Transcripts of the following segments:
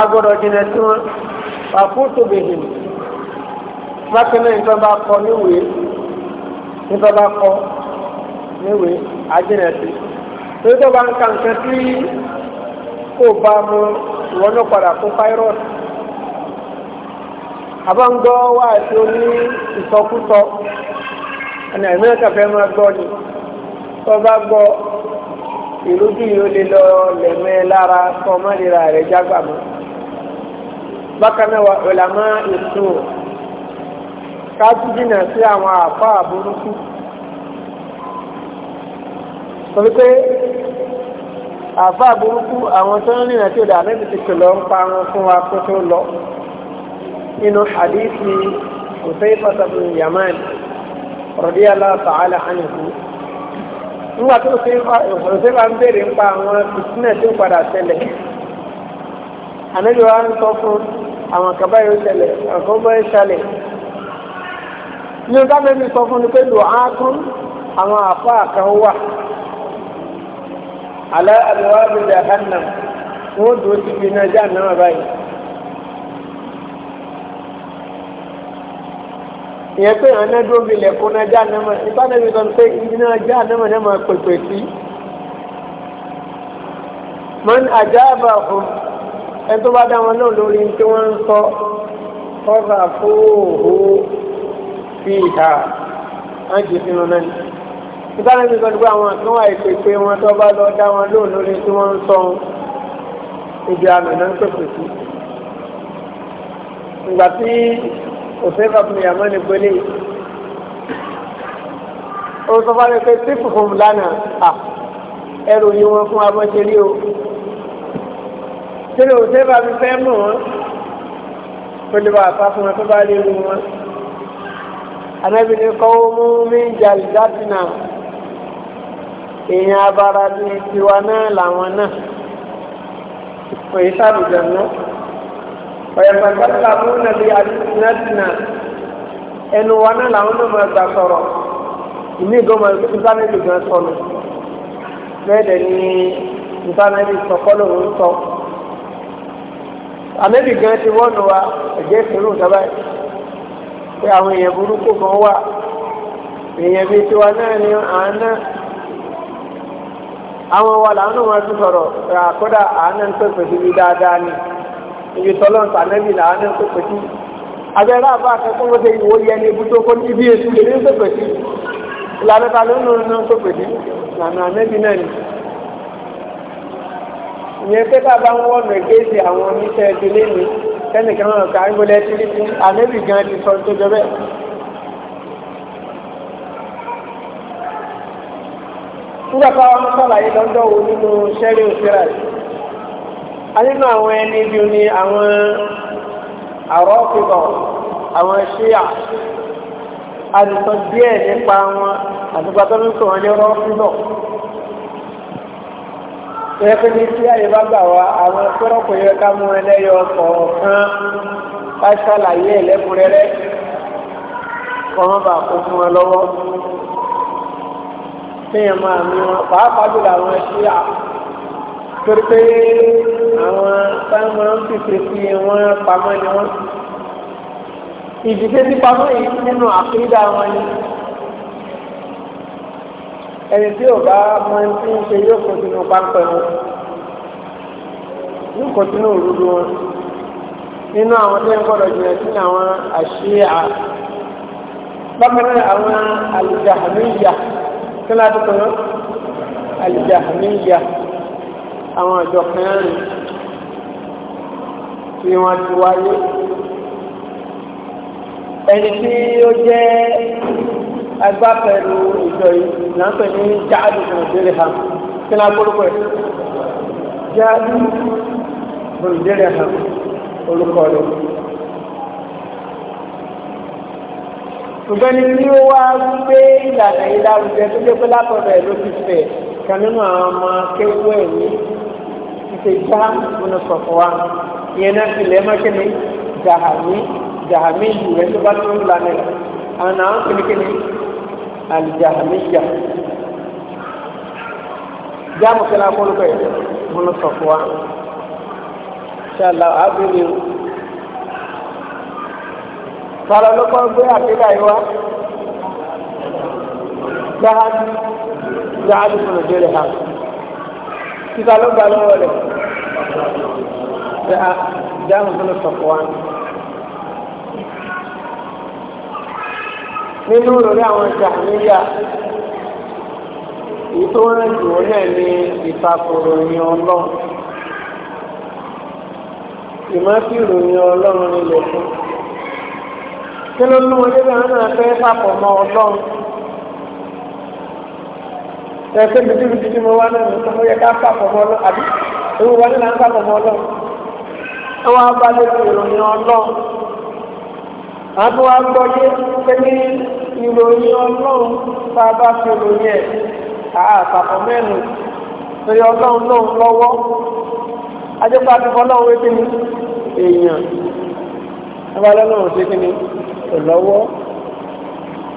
agbọ́dọ̀ jìnà sí wọn pàkútù bèbè mákìnnà nǹkan bá kọ níwèé nǹkan bá kọ níwèé àjìnà sí torí tó bá ń ka nǹkan tí kò bá mu ìwọ náà padà kó fáírọ́ọ̀sì àbáǹgbọ́ wà tí ó ní ìsọkúsọ ẹnì àìmọ́ kàfẹ́ máa gbọ́ ni tó bá gbọ́ ìlú bí yóò lè lọ lẹ̀mẹ́ lára kọ́ mọ́ ìlera rẹ̀ jágbà mọ́ bákan náà wà ọ̀làmọ́ ètò káàtì jìnnà sí àwọn àpá àbúrúkú torí pé àpá àbúrúkú àwọn tó ń rìnà tí ó dà níbi ti kìlọ̀ ń pa wọn fún wa kó tó lọ nínú hadithi Hudhayfah bin Yaman radiyallahu ta'ala anhu nígbà tó ṣe Hudhayfah ń béèrè ń pa àwọn fìtínà tí ó padà ṣẹlẹ̀ ànábì ń sọ fún àwọn kan báyìí ó ṣẹlẹ̀ àwọn kan báyìí ṣẹlẹ̀ ní ọjọ́ mẹ́rin sọ fún mi pé lò á tún àwọn àfa kan wà alẹ́ àbúrò àbúrò àhánà wọ́n dùn sí ibi náà jáà náà báyìí. ìyẹn pé àwọn ẹ̀dọ́ mi lẹ̀kọ́ náà jáà náà mọ̀ nípa náà mi sọ pé ibi náà jáà náà máa pèpè sí. mọ́n àjáàbà ẹ tó bá dá wọn náà lórí tí wọ́n ń sọ ọ̀rọ̀ àfóòhó fi ìhà ájì sínú náà ìtàlẹ́ mi sọ́dún pé àwọn àtúnwò àìpé pé wọ́n tó bá lọ dá wọn lóòrùn lórí tí wọ́n ń sọ ibi àmì náà ń pèpè sí. ìgbà tí òfin fàfihàn yàmọ́ ni pélé ó sọ fún mi pé tí fùfún lánàá ẹrù yìí wọn fún abọ́ṣẹ́rí o kílò o bá mi fẹ́ mọ̀ wọ́n kó lè bá àfa fún wọn tó bá lè rú wọn. anábìnrin kọ́ ó mú mi ń jà lìdátìnà èèyàn abara bí tiwa náà làwọn náà òye sábìjà náà ọ̀yẹ̀fẹ̀ gbọ́dọ̀ làwọn náà bí àdínátìnà ẹnu wa náà làwọn náà máa gbà sọ̀rọ̀ ìmí ìgbọ́mọ̀ ìsánẹ́lì gan sọnù bẹ́ẹ̀ dẹ̀ ni ìsánẹ́lì sọ̀kọ́ sọ àmẹ́bí gan ti wọ́n nu wa ẹ̀jẹ̀ ìṣòro ìjọba yìí pé àwọn èèyàn burúkú kan wà èèyàn bíi tiwa náà ni àánà àwọn wa làánú wọn ti sọ̀rọ̀ kódà àánà ń pèpè síbi dáadáa ni ibi tọ́lọ́ ń sànẹ́bí làánà ń pèpè sí abẹ́rẹ́ àbá akẹ́kọ̀ọ́ wọ́n ṣe ìwò yẹ ní ibùdó kó ní ibi èsù lè ní pèpè sí ìlànà ta ló ń lò ní pèpè sí ìlànà àmẹ́bí náà ni ìyẹn pé bàbá ń wọ̀nà géèsì àwọn oníṣẹ́ ìdílé mi tẹ́nìkan náà ká ń gbọ́dọ̀ tí ní àlébì gan ti sọ tó jọ bẹ́ẹ̀. nígbà táwọn sọ̀làyé lọ́dọ̀ wo nínú sẹ́rí òṣèrà yìí a nínú àwọn ẹni bí ni àwọn àrọ́ fìbọ̀ àwọn ṣíà àdìsọ díẹ̀ nípa wọn àdìgbàtọ́ ní sọ̀rọ̀ ní ọ̀rọ̀ fìbọ̀ wọ́n pé ní tí àyè bá gbà wá àwọn pẹ́rọ́pọ̀ yẹ ká mú ẹlẹ́yọ kọ̀ọ̀kan ká ṣàlàyé ẹ̀lẹ́kùnrẹ́rẹ́ kọ́mọ́ bá kó fún wọn lọ́wọ́ téèyàn máa mi wọn pàápàá jùlọ àwọn ẹṣẹ́ à torí pé àwọn táwọn ń pèsè sí wọn pamọ́ ni wọn ìdíje sí pamọ́ yìí nínú àkídà wọn ni ẹni tí ò bá mọ ẹni tí ń ṣe yóò kó sínú pápẹ́ wọn yóò kó sínú òrùlù wọn nínú àwọn tó ń gbọdọ̀ jìnnà sínú àwọn àṣìyà bákan àwọn alìjàmíyà kí láti kọ́ lọ alìjàmíyà àwọn àjọ kan tí wọ́n ti wáyé ẹni tí ó jẹ́ ẹgbà pẹ̀lú ìjọ yìí là ń pè ní jáde bòlùdérè hàn kí ni agbórúkọ ẹ̀ jáde bòlùdérè hàn orúkọ rẹ̀. ṣùgbọ́n ní tí wá gbé ìlànà ìlàrúdẹ tó jẹ́ pé látọ̀dọ̀ ló ti fẹ̀ kan nínú àwọn ọmọ akéwọ́ ẹ̀ ní ṣe já múnú sọ̀fọ̀ wa ìyẹn náà ti lẹ́ mọ́kẹ́ni jàhámi jàhámi ìlú rẹ̀ tó bá tó ń lanẹ̀ àwọn àwọn kìnnìkìnnì alijahamiya jaamu kala kolo koy munu sofwa inshallah abiri fara ló kọ́ gbé àkídà yìí wá jahadu jahadu fún òjòlè ha kíkà ló gbà lọ́wọ́ rẹ̀ jaamu kolo sofwa. nínú ìròyìn àwọn jàmíyà èyí tó rẹ̀ jù ú náà ní ìtakùrò ìyẹn ọlọ́run ìmọ̀tí ìròyìn ọlọ́run nílẹ̀ fún kí ló ní wọlé bẹ́ẹ̀ náà fẹ́ papọ̀ mọ́ ọlọ́run ẹ̀fẹ́ bìtìbìtì tí mo wá náà ní sọ́mọ́ yẹ ká papọ̀ mọ́ ọlọ́run àbí ewu wọlé náà ń papọ̀ mọ́ ọlọ́run ẹ wá bá lè fi ìròyìn ọlọ́run. àbọ̀ agbọ́yé pẹ̀lú ìròyìn ọlọ́run tá bá fi ròyìn ẹ̀ àpapọ̀ mẹ́rin torí ọlọ́run náà lọ́wọ́ ti èèyàn ọlọ́run ṣe kíni ọlọ́run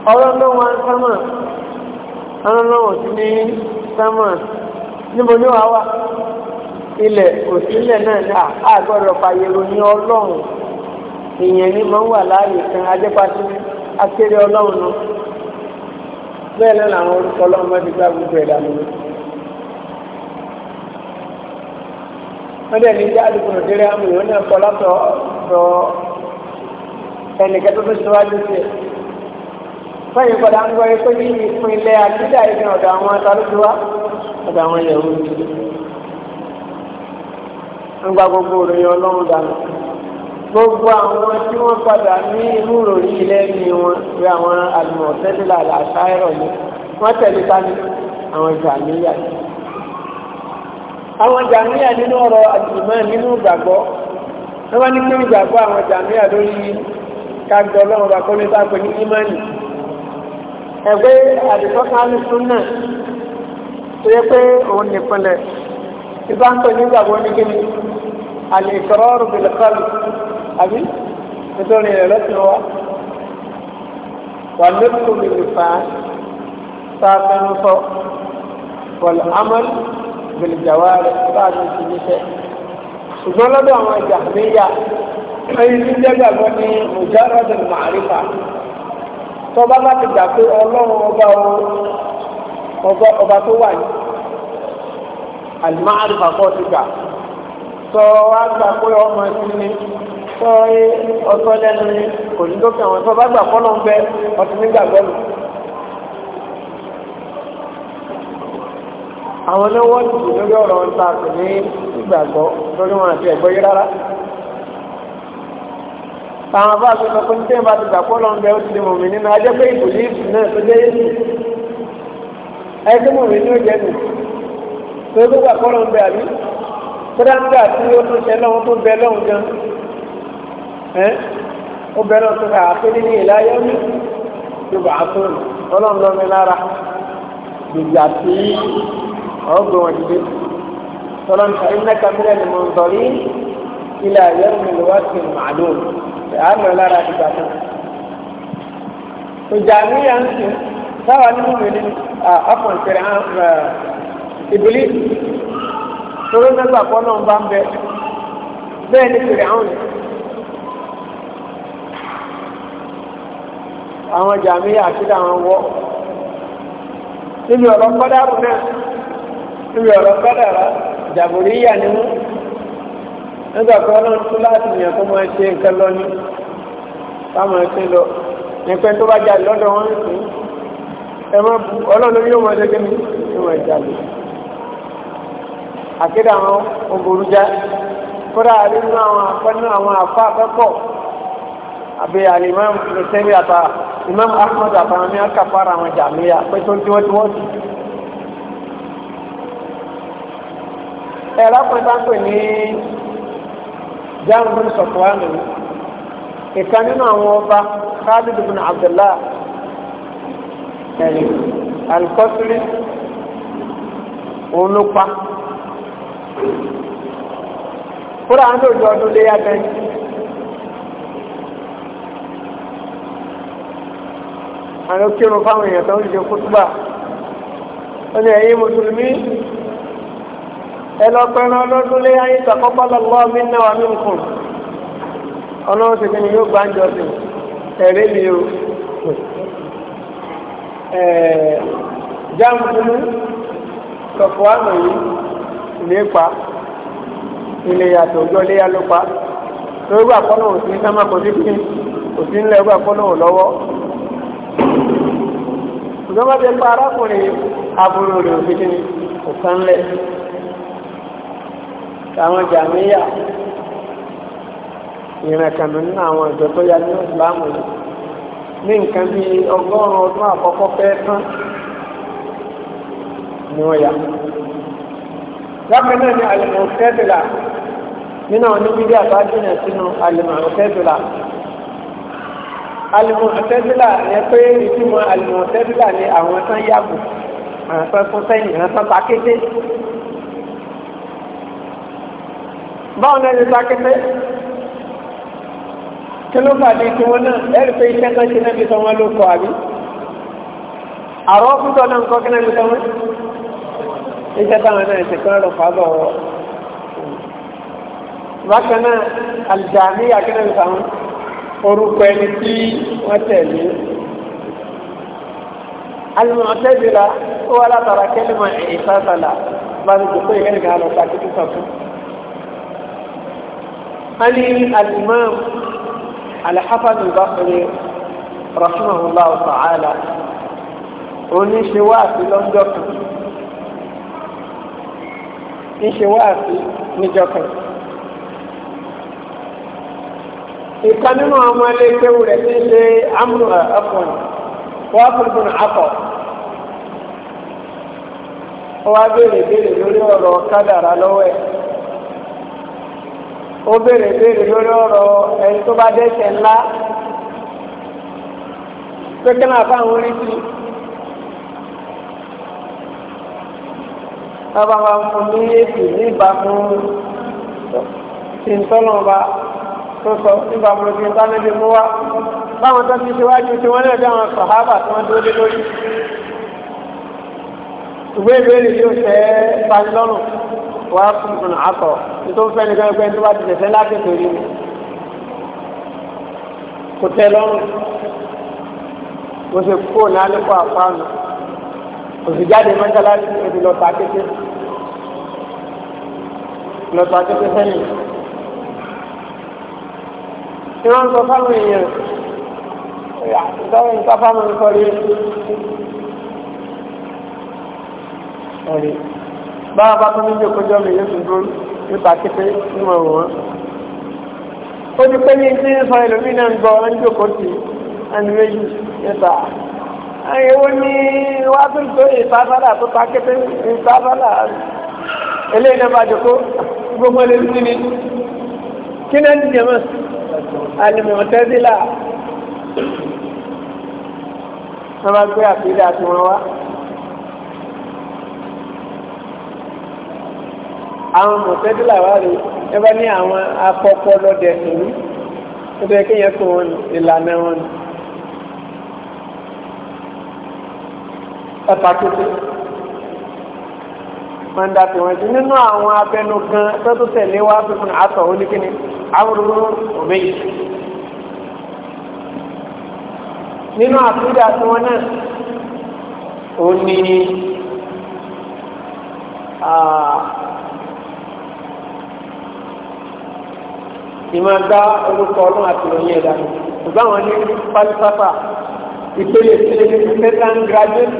sámà ọlọ́run sí ní sámà níbo ni wàá wà ilẹ̀ òsínlẹ̀ náà ní àgbọ̀dọ̀ fàyèrò ní ọlọ́run. èèyàn ní máa ń wà láàyè kan ajẹ́pàtì akéré a náà bẹ́ẹ̀ náà làwọn orúkọ ọlọ́run máa ti gbá gbogbo ẹ̀dá lórí. wọ́n dẹ̀ ní jáde kùnà déré àmì wọ́n náà kọ́ látọ̀ sọ ẹnìkẹ́ tó síwájú sí fẹ́yìn padà ń gbọ́ pé ìpínlẹ̀ ọ̀dọ̀ àwọn atarúgbó wa ọ̀dọ̀ àwọn yẹ̀wò ń gbà gbogbo òròyìn ọlọ́run dànù. gbogbo àwọn tí wọ́n padà ní inú ròyìn lẹ́ni wọn pé àwọn àlùmọ̀tẹ́lá àṣàìrọ̀ ni wọ́n tẹ̀lé tani àwọn jàmíyà àwọn jàmíyà nínú ọ̀rọ̀ àtìmọ́ nínú ìgbàgbọ́ wọ́n bá ní kí ìgbàgbọ́ àwọn jàmíyà lórí kájọ ọlọ́run bá kọ́lé sáfẹ́ ní ìmánì ẹgbẹ́ àdìsọ́kánú súnà tó yẹ pé òun nìpínlẹ̀ ìbá ń pè ní ìgbàgbọ́ ní kíni àlè ìṣòro ọ̀rùn bìlẹ̀ kọ́lù àbí nítorí rẹ̀ lọ́sìn wa wà lẹ́kùn mi nìfà tá a fẹ́nu sọ wọ̀lù amọ́lù gbèlèjàwá rẹ̀ tá a ti níṣẹ́ ṣùgbọ́n lọ́dọ̀ àwọn ìjà níyà ẹyin tí jẹ́gbà gbọ́ ní mujarradul ma'rifa tó bá ti gbà pé ọlọ́run ọba ọba ọba tó wà ní al-ma'rifa kọ́ ti gbà tó wá gbà pé ọmọ ẹni ní sọ ẹ ọsọ lẹ́nu ni kò ní lókè àwọn tó bá gbà fọlọ ń bẹ ọtún nígbàgbọ́ lò. àwọn náà wọ́n ti lórí ọ̀rọ̀ ń ta kò ní ìgbàgbọ́ lórí wọn àti ẹ̀gbọ́ yìí rárá. àwọn afá àti ọkọ ní tẹ́yìn bá ti gbà fọlọ ń bẹ ó ti di mọ̀mí nínú ajẹ́ pé ìbòlí ìbùn náà tó dé yéṣù ẹgbẹ́ mọ̀mí ní òjẹ́ nù tó gbà fọlọ ń bẹ àbí kódà nígbà tí ó tún ṣe ẹ́ ó bẹ̀rẹ̀ tó ká àpéjì ní ìláyé ní yorùbá àtúrò ọlọ́run lọ́mí lára gbèjà tí ọgbọ̀n wọn dìde tọ́lọ́n ká kàmílẹ̀ ni mo ń sọ̀rí ilé ayé mi lọ́wọ́ sí màlúù àmì lára gbèjà tó. ìjà ní yà ń sìn sáwà nínú mi ni ọkùnrin kẹrẹ ìbílí torí nígbà pọ́nà ń bá ń bẹ bẹ́ẹ̀ ni kẹrẹ àwọn yìí. àwọn jàmíyà àkídà àwọn wọ́ níbi ọ̀rọ̀ kọ́dàrù náà níbi ọ̀rọ̀ kọ́dàrà jàbùríyà ni mú nígbà kan náà tún láti yàn kó máa ṣe nǹkan lọ ní táwọn ẹ̀sìn lọ nípa tó bá jáde lọ́dọ̀ wọn sí ẹ má bu ọlọ́run yóò máa dẹ́gẹ́ mi yóò máa jáde àkídà àwọn ògbòrújá kódà nínú àwọn àpẹ́ nínú àwọn àpá akẹ́kọ̀ọ́ àbí alimam nìsẹ́mi àtà imam ahmed àtàwọn akáfàrà àwọn jàmíyà pé tó ń tí wọ́n ti wọ́n ti. ẹ̀rọ pẹ̀tàpẹ̀ ní jáàmùrù sọ̀tùwánì ìkan nínú àwọn ọba khalid bin abdullah ẹ̀yìn alikọ́sílì òun ló pa. kúrò àwọn tó jọ ọdún léyà bẹ́ẹ̀. àwọn kírun fáwọn èèyàn tó ń ṣe kútúbà ó ní ẹ̀yin mùsùlùmí ẹ lọ pẹran lọ́dún lé ayé ìtàkọ́pọ̀ lọ́wọ́ mi náà wà ní nǹkan ọlọ́run ṣe ni yóò gbáǹjọ sí ẹ̀rí mi o jáàmùkúmú sọ̀fọ̀ àmọ̀ yìí nípa ilé yàtọ̀ ọjọ́ léyà ló pa lórí àpọ́nà òsín sámà kò sí kí òsín lẹ́rú àpọ́nà òlọ́wọ́ ṣùgbọ́n bá ti pa arákùnrin aburú rẹ̀ òfin òkan lẹ̀ àwọn jàmíyà ìrìn kànú nínú àwọn ìjọ tó yá ní ìsìláàmù yìí ní nǹkan bí ọgọ́rùn-ún ọdún àkọ́kọ́ fẹ́ tán ni wọ́n yà. Lápẹ́ náà ni àlùmọ̀ òkẹ́tìlà nínú àwọn oníbídí àbájínà sínú àlùmọ̀ òkẹ́tìlà alimọ̀tẹ́bílà yẹn pé ìtumọ̀ alimọ̀tẹ́bílà ni àwọn tán yàgò àwọn tán tún sẹ́yìn àwọn tán takété. báwọn náà ti takété kí ló fàdí tí wọn náà ẹ̀rí pé iṣẹ́ náà ṣe náà fi sọ wọn ló kọ àbí. àrọ́ púpọ̀ náà ń kọ́ kí náà fi sọ wọn. iṣẹ́ táwọn náà ti kọ́ lọ fà bọ̀ bákan náà alìjàmí àkínà fi sọ wọn orúkọ ẹni tí wọ́n tẹ̀lé alimọ̀ tẹ́bìlá ó wá látara kẹ́lìmọ̀ ẹ̀yìn sásàlà bá ní kò pé ìkẹ́lì kan lọ pàtó tó sọ̀tún a ní alimọ̀ alhafadu al-Basri rahimahullah ta'ala oníṣe wáàsí lọ́jọ́ kan níṣe wáàsí níjọ́ kan ìkan nínú àwọn ilé kéwù rẹ̀ ti ṣe amúnú afọ̀n wàhálùbùn afọ̀ ó wá béèrè béèrè lórí ọ̀rọ̀ kádàrá lọ́wọ́ ẹ̀ ó béèrè béèrè lórí ọ̀rọ̀ ẹni tó bá dẹ́ṣẹ̀ ńlá pé kí náà bá àwọn oríṣi bàbá wa fún mi èsì ní ìbámu tí tó sọ nígbà mọ̀ ní sánẹ́bí mú wá báwọn tó ti ṣíwájú tí wọ́n lè dáwọn sàhábà tí wọ́n dúró lé lórí ìwé ìbéèrè yóò fẹ́ panilọ́rùn wá fún un àtọ̀ nítorí fẹ́ nìkan ẹgbẹ́ tó bá ti tẹ̀sẹ̀ láti torí mi kò tẹ́ lọ́rùn mo ṣe kúrò ní alẹ́ kó àpáànù kò sì jáde mọ́ṣáláṣí èdè lọ́ta kété lọ́ta sẹ́yìn tí wọ́n ń sọ fáwọn èèyàn ìtọ́wọ́ ń sọ fáwọn nǹkan rí ẹ̀rí báwa bá tún ní ìjọ kọjọ́ mi yóò tún dúró nípa kété níwọ̀n wọn. ó ti pé ní tí ń sọ ẹlòmíì náà ń gbọ́ ọ́n jókòó tì ẹni méjì níta àyẹ̀wò ní wájú tó ìfásádà tó ta kété ìfásádà eléyìí náà bá jókòó gbogbo ẹlẹ́sìn kí náà ń dìde mọ́ alimọ̀tẹ́sílà wọ́n bá gbé àfihàn àti wọn wá. àwọn mọ̀tẹ́sílà wà rèé ẹ bá ní àwọn afọ́pọ́ lọ́dẹ ìlú ó bẹ kéèyàn tó wọn ìlànà wọn ni. ẹ̀fà tuntun wọ́n dá tiwọn sí nínú àwọn abẹnugan tó tó tẹ̀lé wá fífún àtọ̀ oníkíní awúrúgbó òbí yìí nínú àfúdà tí wọn náà ó ní ìmọ̀gbá orúkọ ọlọ́run àti ìròyìn ẹ̀dá ṣùgbọ́n àwọn ní pálífáfà ìpele ìpele ní second graduate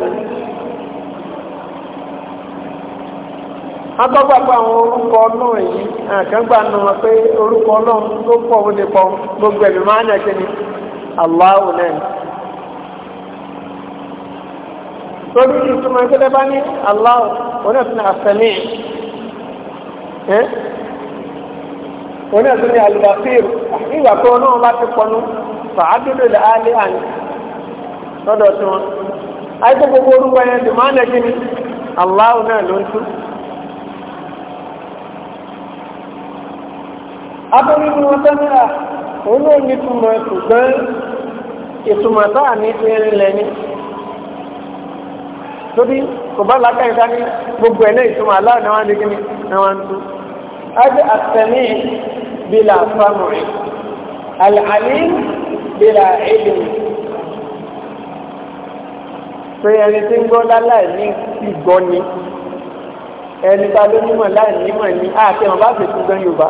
agbọ́gbà pé àwọn orúkọ náà yìí àkàngbà náà pé orúkọ náà tó pọ̀ ó lè pọ̀ gbogbo ẹ̀mí máa ń ẹ̀kẹ́ ni aláwò náà torí ìtumọ̀ ìgbẹ́lẹ́ bá ní aláwò oní àfẹ́mí ẹ́ oní ẹ̀sìn àlùbáfíìrù ìgbà pé náà bá ti pọnú fàádùdù lè álé àní tí àìsàn gbogbo orúkọ yẹn máa ń ni abúlé wọn tẹ́lá òun náà ní túmọ̀ ṣùgbọ́n ìtumọ̀ tó àmì ti rin lẹ̀ ni torí kò bá lákàá ìta ní gbogbo ẹ̀ náà ìtumọ̀ aláwọ̀ náà wọ́n di kí ni náà wọ́n tú. ájẹ́ àtẹ̀mí bílà fámùrì àlàní bílà èlùmí pé ẹni tí ń gbọ́ láláì ní ìgbọ́ ẹni tá ló nímọ̀ láì nímọ̀ ni àti àwọn fi tún gan Yorùbá.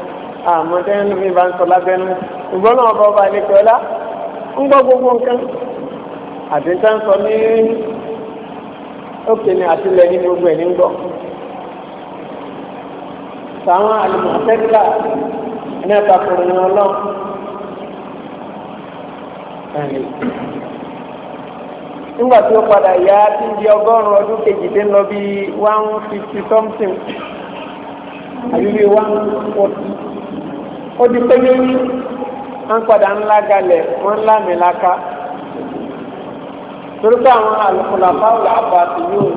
àmọ́ tẹ́yìn mi bá ń sọ lábẹ́nu ṣùgbọ́n náà bọ́ bá ilé pẹ́lá ń gbọ́ gbogbo nǹkan àti tá ń sọ ní òkè ni àtìlẹ̀ ní gbogbo ẹ̀ ní gbọ́. Sàwọn àlùmọ̀tẹ́kìlà ní ẹ̀tàkùnrin ní ọlọ́run. Nígbà tí ó padà yá tí ń di ọgọ́rùn-ún ọdún kejìdínlọ́bí one fifty something àbí bíi one forty ó di pé méjì wọ́n padà ńlá galẹ̀ wọ́n ńlá mi láká torí pé àwọn àlùkùnlà fáwọn àbọ̀ àti yóò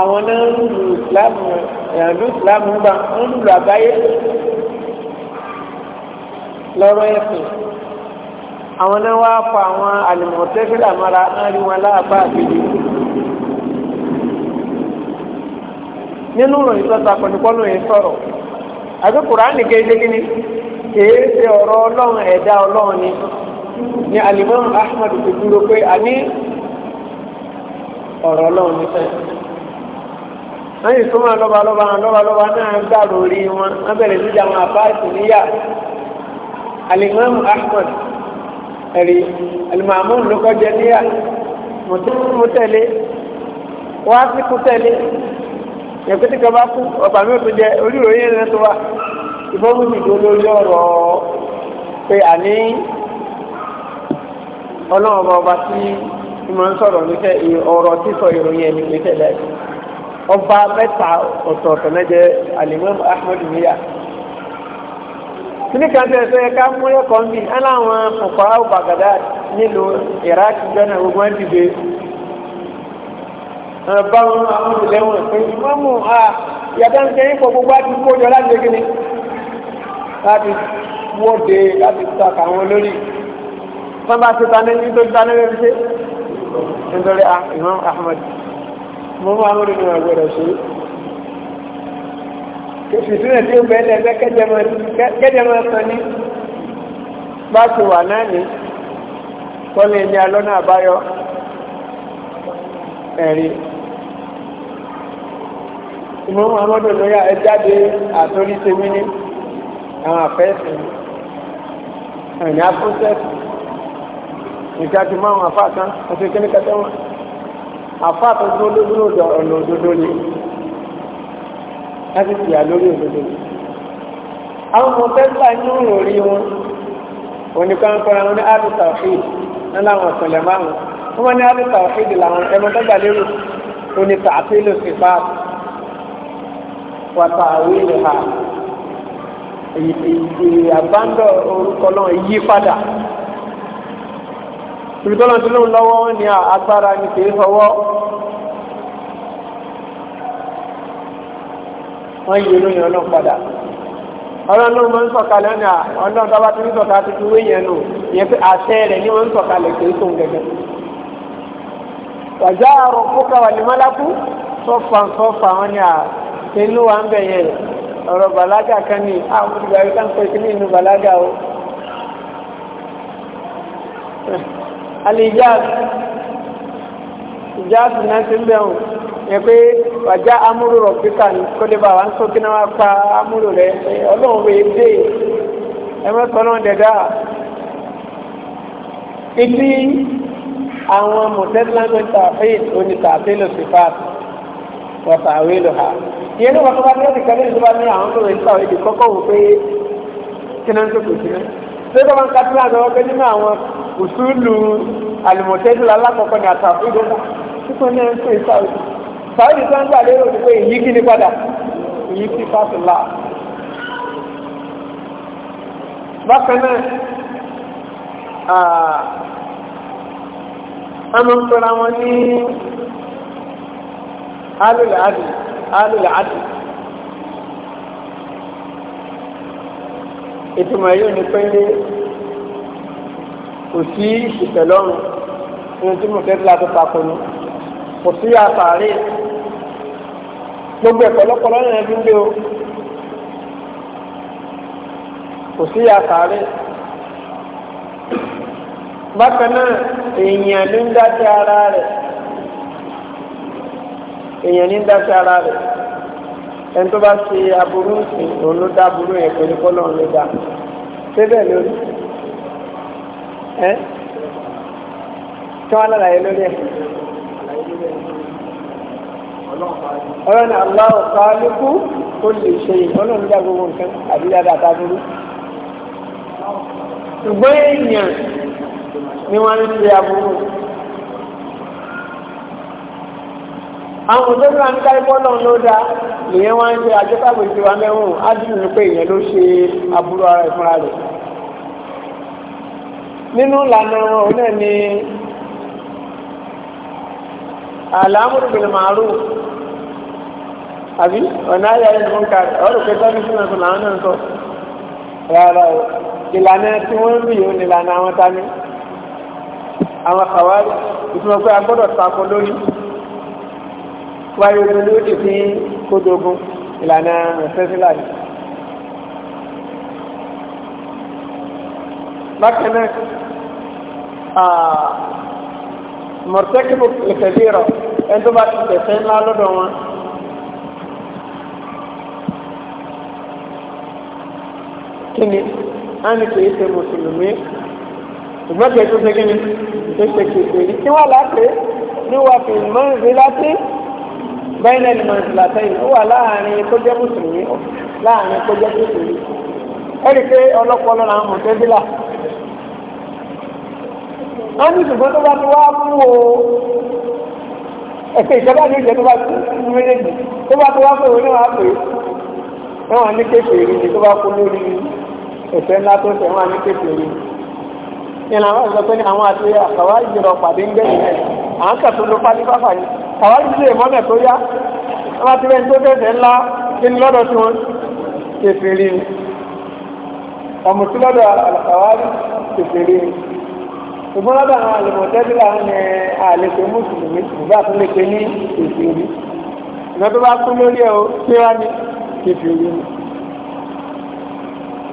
àwọn náà ń lu ìsìlámù ìyàndú ìsìlámù gbà ń lu àgbáyé lọ́rọ̀ ẹ̀sìn àwọn náà wá pa àwọn àlùmọ̀tẹ́fẹ́lá mara ń rí wọn láàbá àbíyí nínú ìròyìn tó takọ̀ nípọ́nù yìí àbí kùránì kéde kíni kìí ṣe ọ̀rọ̀ ọlọ́run ẹ̀dá ọlọ́run ni ni alimam ahmed ti dúró pé a ní ọ̀rọ̀ ọlọ́run ní fẹ́ wọ́n yìí súnmọ́ lọ́balọ́ba lọ́balọ́ba náà gbàrò orí wọn wọ́n bẹ̀rẹ̀ sí jàmọ́ àbáàsì níyà alimam ahmed ẹ̀rí alimamun ló kọjá níyà mọ̀tẹ́lẹ̀ wá sí kú tẹ́lẹ̀ yẹ̀kútí kan bá kú ọ̀pá mi ò tó jẹ oríro yín rẹ̀ tó wà ìfọ́nmùsì tó lórí ọ̀rọ̀ pé àní ọlọ́run ọba ọba tí ìmọ̀ ń sọ̀rọ̀ nífẹ̀ ọ̀rọ̀ sísọ ìròyìn ẹni nífẹ̀ láì ọba mẹ́ta ọ̀tọ̀ọ̀tọ̀ mẹ́jẹ alimami ahmed miya kí ni kan tẹ̀ sọ yẹ ká mú ẹ̀kọ́ mi ẹ̀ láwọn ọ̀pá ọ̀bàgàdà nílùú iraq jọ́nà gbogbo ẹ̀ dìde bá wọn àwọn ìlẹ́wọ̀n pé ìmọ̀mù a ìyàtọ̀ ń sẹ́yìn pọ̀ gbogbo àti kójọ láti ṣe kíni láti wọ́de láti takà wọn lórí wọ́n bá ṣe tani nítorí tani lórí ṣe nítorí a Imam Ahmad mo máa ń rí ní ọgbọ́dọ̀ ṣe fìtínà tí ó bẹ̀ lẹ́gbẹ́ kẹ́jẹ máa sọ ní bá ti wà náà ní kọ́lé ní alọ́nà àbáyọ ẹ̀rí ìmọ̀ muhammadu lóyà ẹ jáde àtòríṣe mi ní àwọn àfẹ́sì ẹ̀yìn afúnṣẹ́sì ìjáde mọ́ àwọn afá kan àti kíní kẹtẹ wọn afá tó dúró lójú ọ̀nà òdodo ni láti tìyà lórí òdodo ni. àwọn ọmọ tẹ́sílà ní òrùn orí wọn oníkankan àwọn ní àdùsà òfin ní láwọn ọ̀sẹ̀lẹ̀ márùn-ún wọ́n ní àdùsà òfin làwọn ẹ̀mọ́tẹ́gbà lérò oní tààtì lòsì fáàpù wàtàwílìhà àbándọ̀ orúkọ náà yí padà ìrìtọ́lọ́ tí lóun lọ́wọ́ ní agbára ní kìí fọwọ́ wọ́n yí olóyìn ọlọ́run padà ọlọ́run náà máa ń sọ̀kalẹ̀ ní ọlọ́run tó bá ti ń sọ̀kalẹ̀ ti fi wéyẹn nù ìyẹn pé àṣẹ rẹ̀ ni wọ́n ń sọ̀kalẹ̀ kìí tó ń gẹ̀gẹ̀ wàjá àrùn fúkà wà ní mọ́lákú sọ́fà sọ́fà wọn ni àrùn pẹ̀lú wa ń bẹ̀ yẹn ọ̀rọ̀ bàlágà kan ní àwọn olùgbà yìí kan pè sí ní inú bàlágà o. alijáàbù ìjáàbù náà ti ń bẹ̀ wọn yẹn pé wàjá amúrò rọ̀ píkà ní kọ́lébà wa ń sọ kí náà wá pa amúrò rẹ̀ ọlọ́run wèé dé ẹ mọ́tò dẹ̀dá. ibi àwọn mọ̀tẹ́tìláńtò tàfíìn onítàfíìn lòsì fáàtì wọ́n fà wí lò ha. ìyẹn ní wọ́n tó bá ní ẹ̀sìn kẹ́lẹ́ ìjọba ní àwọn tó rẹ̀ ń sàwé di kọ́kọ́ wò pé kíná ń tókò síná. ṣé bá wọn kátó náà lọ́wọ́ pé nínú àwọn òṣùlù àlùmọ̀tẹ́dù alákọ̀ọ́kọ́ ni àtàkù ìdókòwò kíkọ́ ní ẹ̀ńtò ni padà èyí kí fásitì lá. bákan náà àmọ́ ń pera wọn ní alùlẹ̀ àdì alùlẹ̀ àdì ìtumọ̀ yóò ní pé lé kò sí ìtẹ̀lọ́rùn ohun tí mo fẹ́ fi láti papọ̀ ni kò sí àtàrí gbogbo ẹ̀kọ́ lọ́pọ̀lọ́ náà fi o kò sí àtàrí bákan náà èèyàn ló ń dá sí ara rẹ̀ èèyàn ní dáṣẹ́ ara rẹ̀ ẹni tó bá ṣe aburú sìn òun ló dá aburú yẹn pẹ̀lú kọ́lọ́ ló dá síbẹ̀ lórí ẹ́ tí wọ́n lálàyé lórí ẹ̀. ọlọ́run aláwọ̀ kálukú kó lè ṣe ìfọ́nàmí dá gbogbo nǹkan àbí dáadáa tábúrú. ṣùgbọ́n èèyàn ni wọ́n ń ṣe aburú. àwọn tó ń ra ń kárí bọ́ọ̀lù ló dáa ìyẹn wá ń ṣe àjọpàgbé ti wa mẹ́rùn ádùn ní pé ìyẹn ló ṣe aburú ara ẹ̀ fúnra rẹ̀ nínú ìlànà òun ni àlàámúrú bìnnì màálù àbí ọ̀nà ayé ayé ló ń ka ọ̀rọ̀ pé tọ́jú fún ẹ̀sùn làwọn náà ń sọ rárá o ìlànà tí wọ́n ń bì ní ìlànà àwọn tání àwọn kàwárí ìtumọ̀ pé sàkó lórí wáyé ogun ló ti fi kódogun ìlànà ẹ̀sẹ̀sílà ni. bákan náà mọ̀tẹ́kìbù ìfẹ̀bírọ̀ ẹni tó bá ti tẹ̀sẹ̀ ńlá lọ́dọ̀ wọn. kíni á ní kìí ṣe mùsùlùmí ṣùgbọ́n kìí tó ṣe kíni tó ṣe kìí ṣe èyí tí wọ́n láti ní wàá fi mọ́ ìrìn láti bẹ́ẹ̀lẹ̀ ni mọ̀nsílá sẹ́yìn ó wà láàrin tó jẹ́ mùsùlùmí láàrin tó jẹ́ mùsùlùmí ẹ̀rí pé ọlọ́pọlọ náà mọ̀ tẹ́bílà wọ́n ní ṣùgbọ́n tó bá ti wá mú o ẹ̀sẹ̀ ìjọba ní ìjẹ́ tó bá ti mú méjèèjì tó bá ti wá pé òun náà pè é wọ́n ní kéfì rí ni tó bá kú lórí ẹ̀sẹ̀ ńlá tó tẹ̀ wọ́n ní kéfì rí ni ìlànà ìjọba ní àwọn àti àkàwá ìjọba pàdé ń gbẹ̀yìn náà à ń kàtó ló pálí bá yìí àwọn ìdílé ìmọ́nà tó yá wọ́n bá ti rẹ́ni tó fẹ́sẹ̀ ńlá kí ni lọ́dọ̀ tí wọ́n kèfè rí ni ọmọ tí lọ́dọ̀ àlàkàwárí kèfè rí ni ṣùgbọ́n lọ́dọ̀ àwọn àlèmọ̀tẹ́bílà ń yẹ àlèkè mùsùlùmí ìgbà tó lè pe ní kèfè rí ìgbà tó bá kú lórí ẹ̀ o pé wá ní kèfè rí ni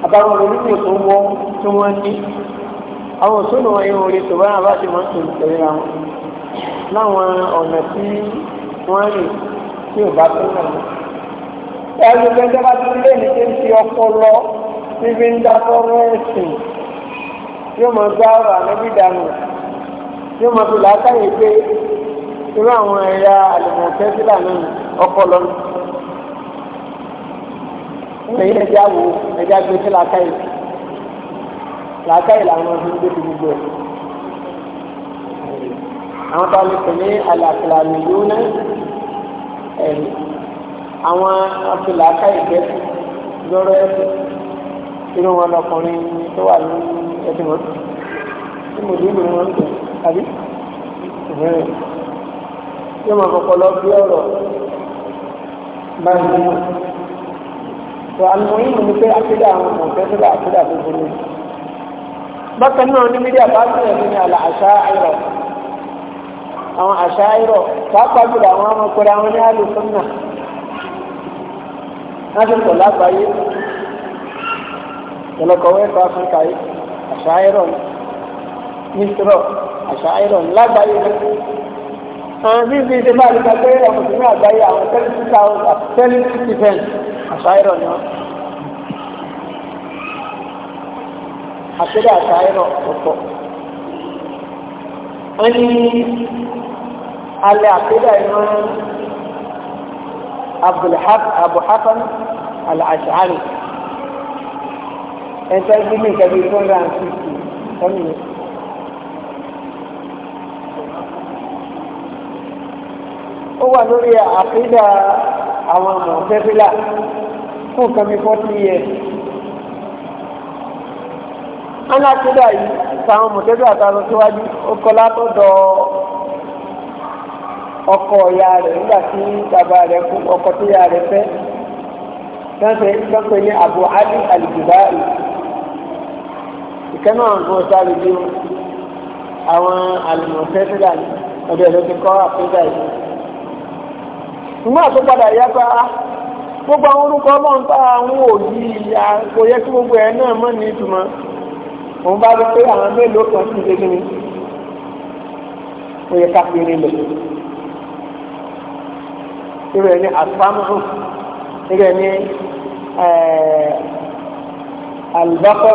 àbáwọn olùdíje tó wọ́ tí wọ́n ní àwọn òṣèlú wọn yóò rí tòbá àbá ti mọ́ láwọn ọ̀nà tí wọ́n rìn tí ò bá tó náà. ẹnu gbẹ́jọ́ bá ti lé ní pé ti ọpọlọ tí fi ń dákọ́ rẹ́ẹ̀sìn yóò mọ gbá ọ̀rọ̀ ànábì dànù yóò mọ fi làákàyè pé irú àwọn ẹ̀yà àlùmọ̀tẹ́ sílà náà ọpọlọ nù. ẹ̀yin ẹja wo ẹja gbé sí làákàyè làákàyè làwọn ọdún gbé ti gbogbo ẹ̀ àwọn tó lè pè ní àlàkìlàmì lónà ẹ̀rí àwọn afilàákà ìgbẹ́ lọ́rọ̀ ẹ̀sẹ̀ inú wọn lọkùnrin tó wà ní ẹ̀sìn wọn tí mo dé ìlú wọn tó àbí yóò máa kọ́kọ́ lọ bí ọ̀rọ̀ báyìí mọ́ tó àlùmọ́yìn mo ní pé akéde àwọn ọmọ ọ̀fẹ́ tó bá akéde àbúgbò ní bákan náà ní mídíà bá tẹ̀lé ní àlà àṣà àwọn àṣà irọ́ pàápàá jùlọ àwọn ọmọkùnrin àwọn ní àlùfáànà wọ́n ti pọ̀ lágbàáyé ìlọ́kọ̀wé ẹ̀kọ́ áfíríkà yìí àṣà irọ́ mísírọ̀ àṣà irọ́ lágbàáyé àwọn bí bí ṣe bá àlùkà pé ọmọ sí ní àgbáyé àwọn tẹ́lí two àṣà irọ́ ni wọ́n. àṣírí àṣà irọ́ ọ̀pọ̀ wọ́n ní alẹ́ àkúdà ìran Abu Hasan al-Ash'ari ẹ̀ńtẹ́ bí ní ìkẹ́bí two hundred and fifty sọ́nù yẹn. ó wà lórí àkúdà àwọn ọmọ fẹ́fílà fún nǹkan bí years. ana akídà yìí táwọn mọ̀tẹ́bí àtàwọn síwájú ó kọ látọ̀dọ̀ ọkọ ìyá rẹ̀ nígbà tí bàbá rẹ̀ ọkọ tí ìyá rẹ̀ fẹ́ sáńsẹ̀ ìgbàpẹ́ ní Abu Ali al ìkẹ́nà àwọn sáré bí àwọn ti kọ́ yìí. gbogbo àwọn orúkọ àwọn gbogbo ẹ̀ náà mọ́ ní ìtumọ̀. òun bá rí pé àwọn mélòó kan sì ṣe kíni ó yẹ ká fi rin lẹ̀ irú ẹ̀ ní àfámúhù irú ẹ̀ ní àlùbákọ́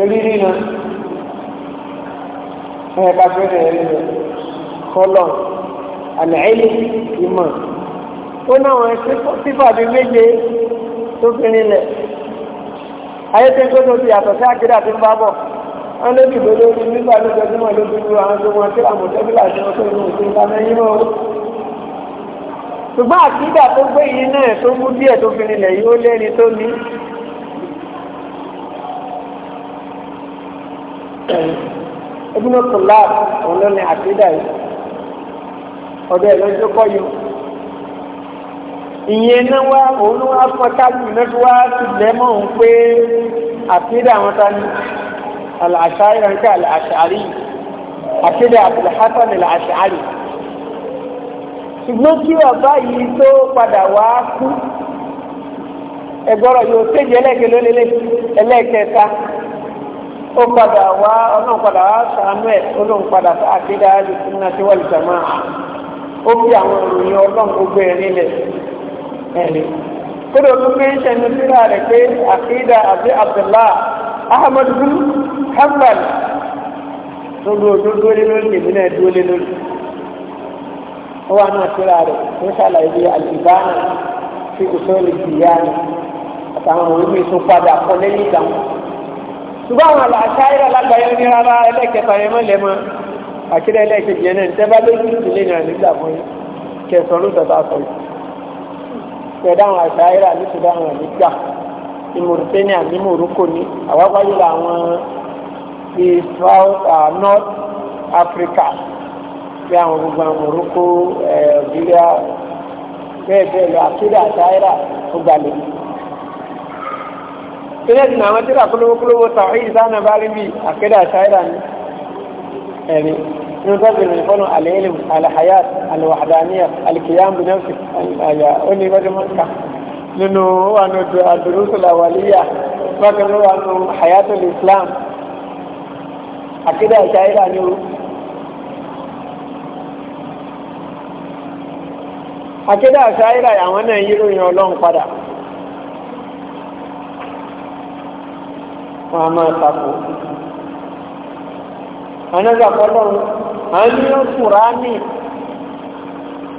eh, rírí náà ó yẹ ká fi rin ẹ̀ lẹ̀ kọ́lọ̀ àlẹ́ẹ̀lì ìmọ̀ ó náà wọ́n sífàdé méje tó fi rin lẹ̀ ayé tí ń tó tó ti yàtọ̀ sí àkídà tí ń bá bọ̀ wọ́n lé dìbò lórí nígbà lójoojúmọ́ lójú ju àwọn tó wọn tí àwọn tẹ́bílà tí wọ́n tó ń lò ìlànà yín ṣùgbọ́n àkídà tó gbé yín náà tó mú díẹ̀ tó fi rinlẹ̀ yìí lẹ́ni tó ní. ẹbí náà kò àkídà yìí ọ̀dọ̀ ẹ̀ yìí. ìyẹn náà wá òun ló wá wá ti lẹ́mọ̀ òun pé àkéde àwọn ta ni àṣà ìrànkà àṣàárì ṣùgbọ́n kí ọba yìí tó padà wá kú ẹgbọ́rọ̀ yóò séjì ó padà wá ọlọ́run padà wá sàánú ẹ̀ ọlọ́run padà náà tí wọ́n lè ó ẹ̀rí kódò tó fi ṣẹnu síra rẹ̀ pé àkídà àbí abdullah ahmed bin hanbal tó lu ojú dúró lórí èmi náà dúró lé lórí ó wà náà síra rẹ̀ tó ṣàlàyé bí alìbánà fi òṣèré ìyáni àtàwọn òwe mi tún padà kọ lẹ́yìn ìgbà wọn. ṣùgbọ́n àwọn àlàáṣá ayé alágbàáyé ní rárá ẹlẹ́kẹta yẹn mọ́lẹ̀ mọ́ àkídà ẹlẹ́kẹjì yẹn náà ń tẹ́ bá lójú ìdílé náà nígbà fún yẹn kẹsàn-án ló pẹ̀lú àwọn àṣàyíra ní sudan wọn nígbà ní Mauritania ní Morocco ní àwáwáyé làwọn ti south north Africa bí àwọn gbogbo àwọn Morocco Algeria bẹ́ẹ̀ bẹ́ẹ̀ lọ àkídà àṣàyíra tó gbalẹ̀ ilé ìdìnnà àwọn tíra kólówó kólówó tàwọn ìdí sáà náà bá rí bí àkídà àṣàyíra ní ẹ̀rí. ننتظر يكون العلم الحياة الوحدانية القيام بنفسك أني بدي مكة لأنه أن الدروس الأولية لكن هو أن حياة الإسلام أكيد شاعر أنه أكيد شاعر يا náà yíró yẹn ọlọ́run padà wọ́n á anága fọlọ́run a ní ọkùnrání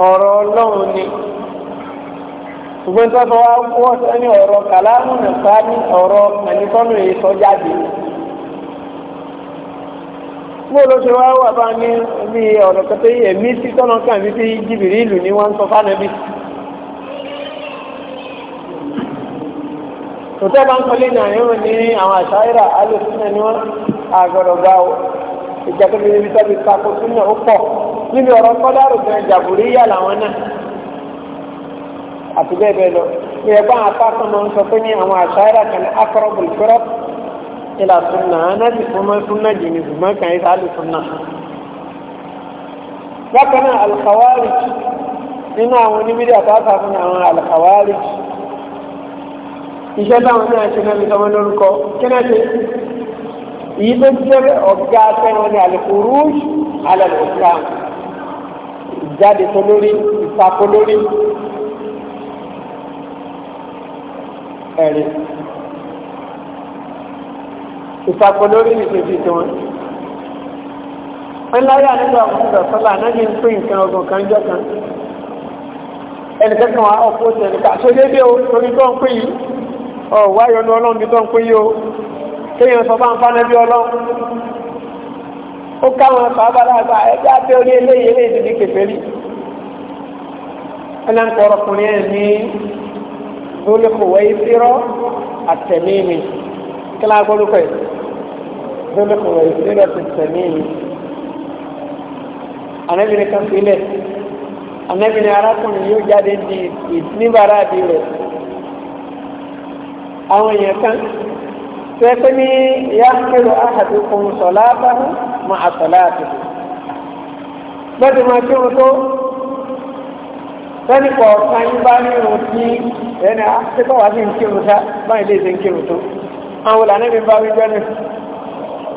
ọ̀rọ̀ ọlọ́run ni ṣùgbọ́n tó tó wá kó ọ̀sẹ̀ ní ọ̀rọ̀ kàlámù nìkan ní ọ̀rọ̀ ẹ̀nìkọ́nù èyí tó jáde bó ló ṣe wá wà bá ní bí ọ̀rọ̀ kẹtẹ́ ẹ̀mí sí tọ́nà kan bí sí jìbìrì ìlú ní wọ́n ń sọ fánàbí tòtẹ́ bá ń kọ́lé ní àyẹ̀wò ní àwọn àṣà ìrà alùpùpù ní wọ́n àgọ̀rọ̀ gbáwó ìjà tó fi tó fi takò súnà ó pọ̀ níbi ọ̀rọ̀ kọ́dárù gan jàbùrí yà làwọn náà àti bẹ́ẹ̀ bẹ́ẹ̀ lọ ní ẹ̀gbọ́n apákan máa ń sọ pé ní àwọn àṣàyàrá kan akọ́rọ̀bù ìfẹ́rọ́ ìlà súnà anáàtì súnmọ́ súnà jìnnì ṣùgbọ́n kàn yín sáàlì súnà. bákan náà alkawari nínú àwọn oníbídìí àtàkà fún àwọn alkawari iṣẹ́ táwọn náà ṣe náà èyí tó jẹ́ ọ̀gá fẹ́ràn ní àlùkùrú alẹ́lùkùrán ìjáde tó lórí ìtakò lórí ẹ̀rí ìtakò lórí ìṣèjì tí wọ́n ń láyé àníbà àwọn ìdọ̀sọ́lá náà ní pín nǹkan ọgbọ̀n kan jọ kan ẹnìkẹ́kọ̀ọ́ wa ọ̀pọ̀ òṣèlú kà ṣe déédéé o torí tó ń pín yìí ọ̀wá ìyọnu ọlọ́run tó ń pín yìí o kéèyàn sọ bá ń fánà bí ọlọ́ ó káwọn sàábàlágbà ẹgbẹ́ abẹ́ orí eléyìí eléyìí ti di kèfèrí ẹlẹ́nkọ̀ọ́rọ̀ kùnrin ẹ̀ ní zolikowé sírọ́ àtẹ̀míìmì kílá gbólúkọ̀ ẹ̀ zolikowé sírọ́ àtẹ̀míìmì anẹ́bìnrin kan sílẹ̀ anẹ́bìnrin arákùnrin yóò jáde di ìníbàárà bí rẹ̀ àwọn èèyàn kan tẹ́pẹ́ ní yàtúrò ahadukum salatahu ma'a salatihi lọ́dún máa kí wọn tó sẹ́ni kọ̀ọ̀kan yín bá ní irun tí ẹni àtẹ́kọ̀ wá sí nkírun sá báyìí lè ṣe nkírun tó àwọn olànà mi bá wíjọ́ ní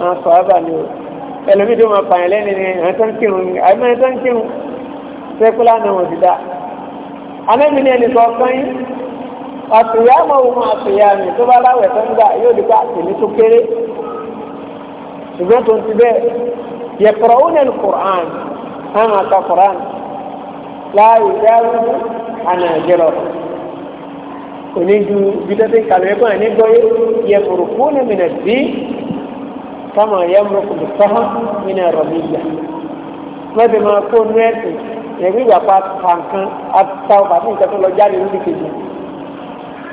àwọn sọ̀rọ̀ ni o ẹlòmíì tó máa pààyàn lẹ́ni ní ẹ̀ńtọ́ nkírun ní àìmọ́ ẹ̀ńtọ́ nkírun sẹ́kúlá náà wọ́n ti dá anẹ́mi ní ẹnì kọ̀ọ̀kan yín àtìyámọ̀ ohun àtìyámi tó bá láwẹ̀ tó ń gbà yóò di pa àtìmí tó kéré ṣùgbọ́n tó ń ti bẹ́ẹ̀ yẹ̀pọ̀rọ̀ ó nẹ̀nu kùrán hàn àka kùrán láàyè dáhùn àná ìjẹrọ kò ní ju bí tó ti ń kàlẹ́ ẹ̀kọ́ ní gbọ́yé yẹ̀pọ̀rọ̀ kó ní mìnà bí kama yẹ̀mọ̀ kò ní sọ́hà mìnà rọ̀mí ìyá mẹ́bí máa kó nú ẹ̀sìn ẹ̀rí ìyàpá kàǹkan àti táwọn nǹkan tó lọ jáde lórí kejì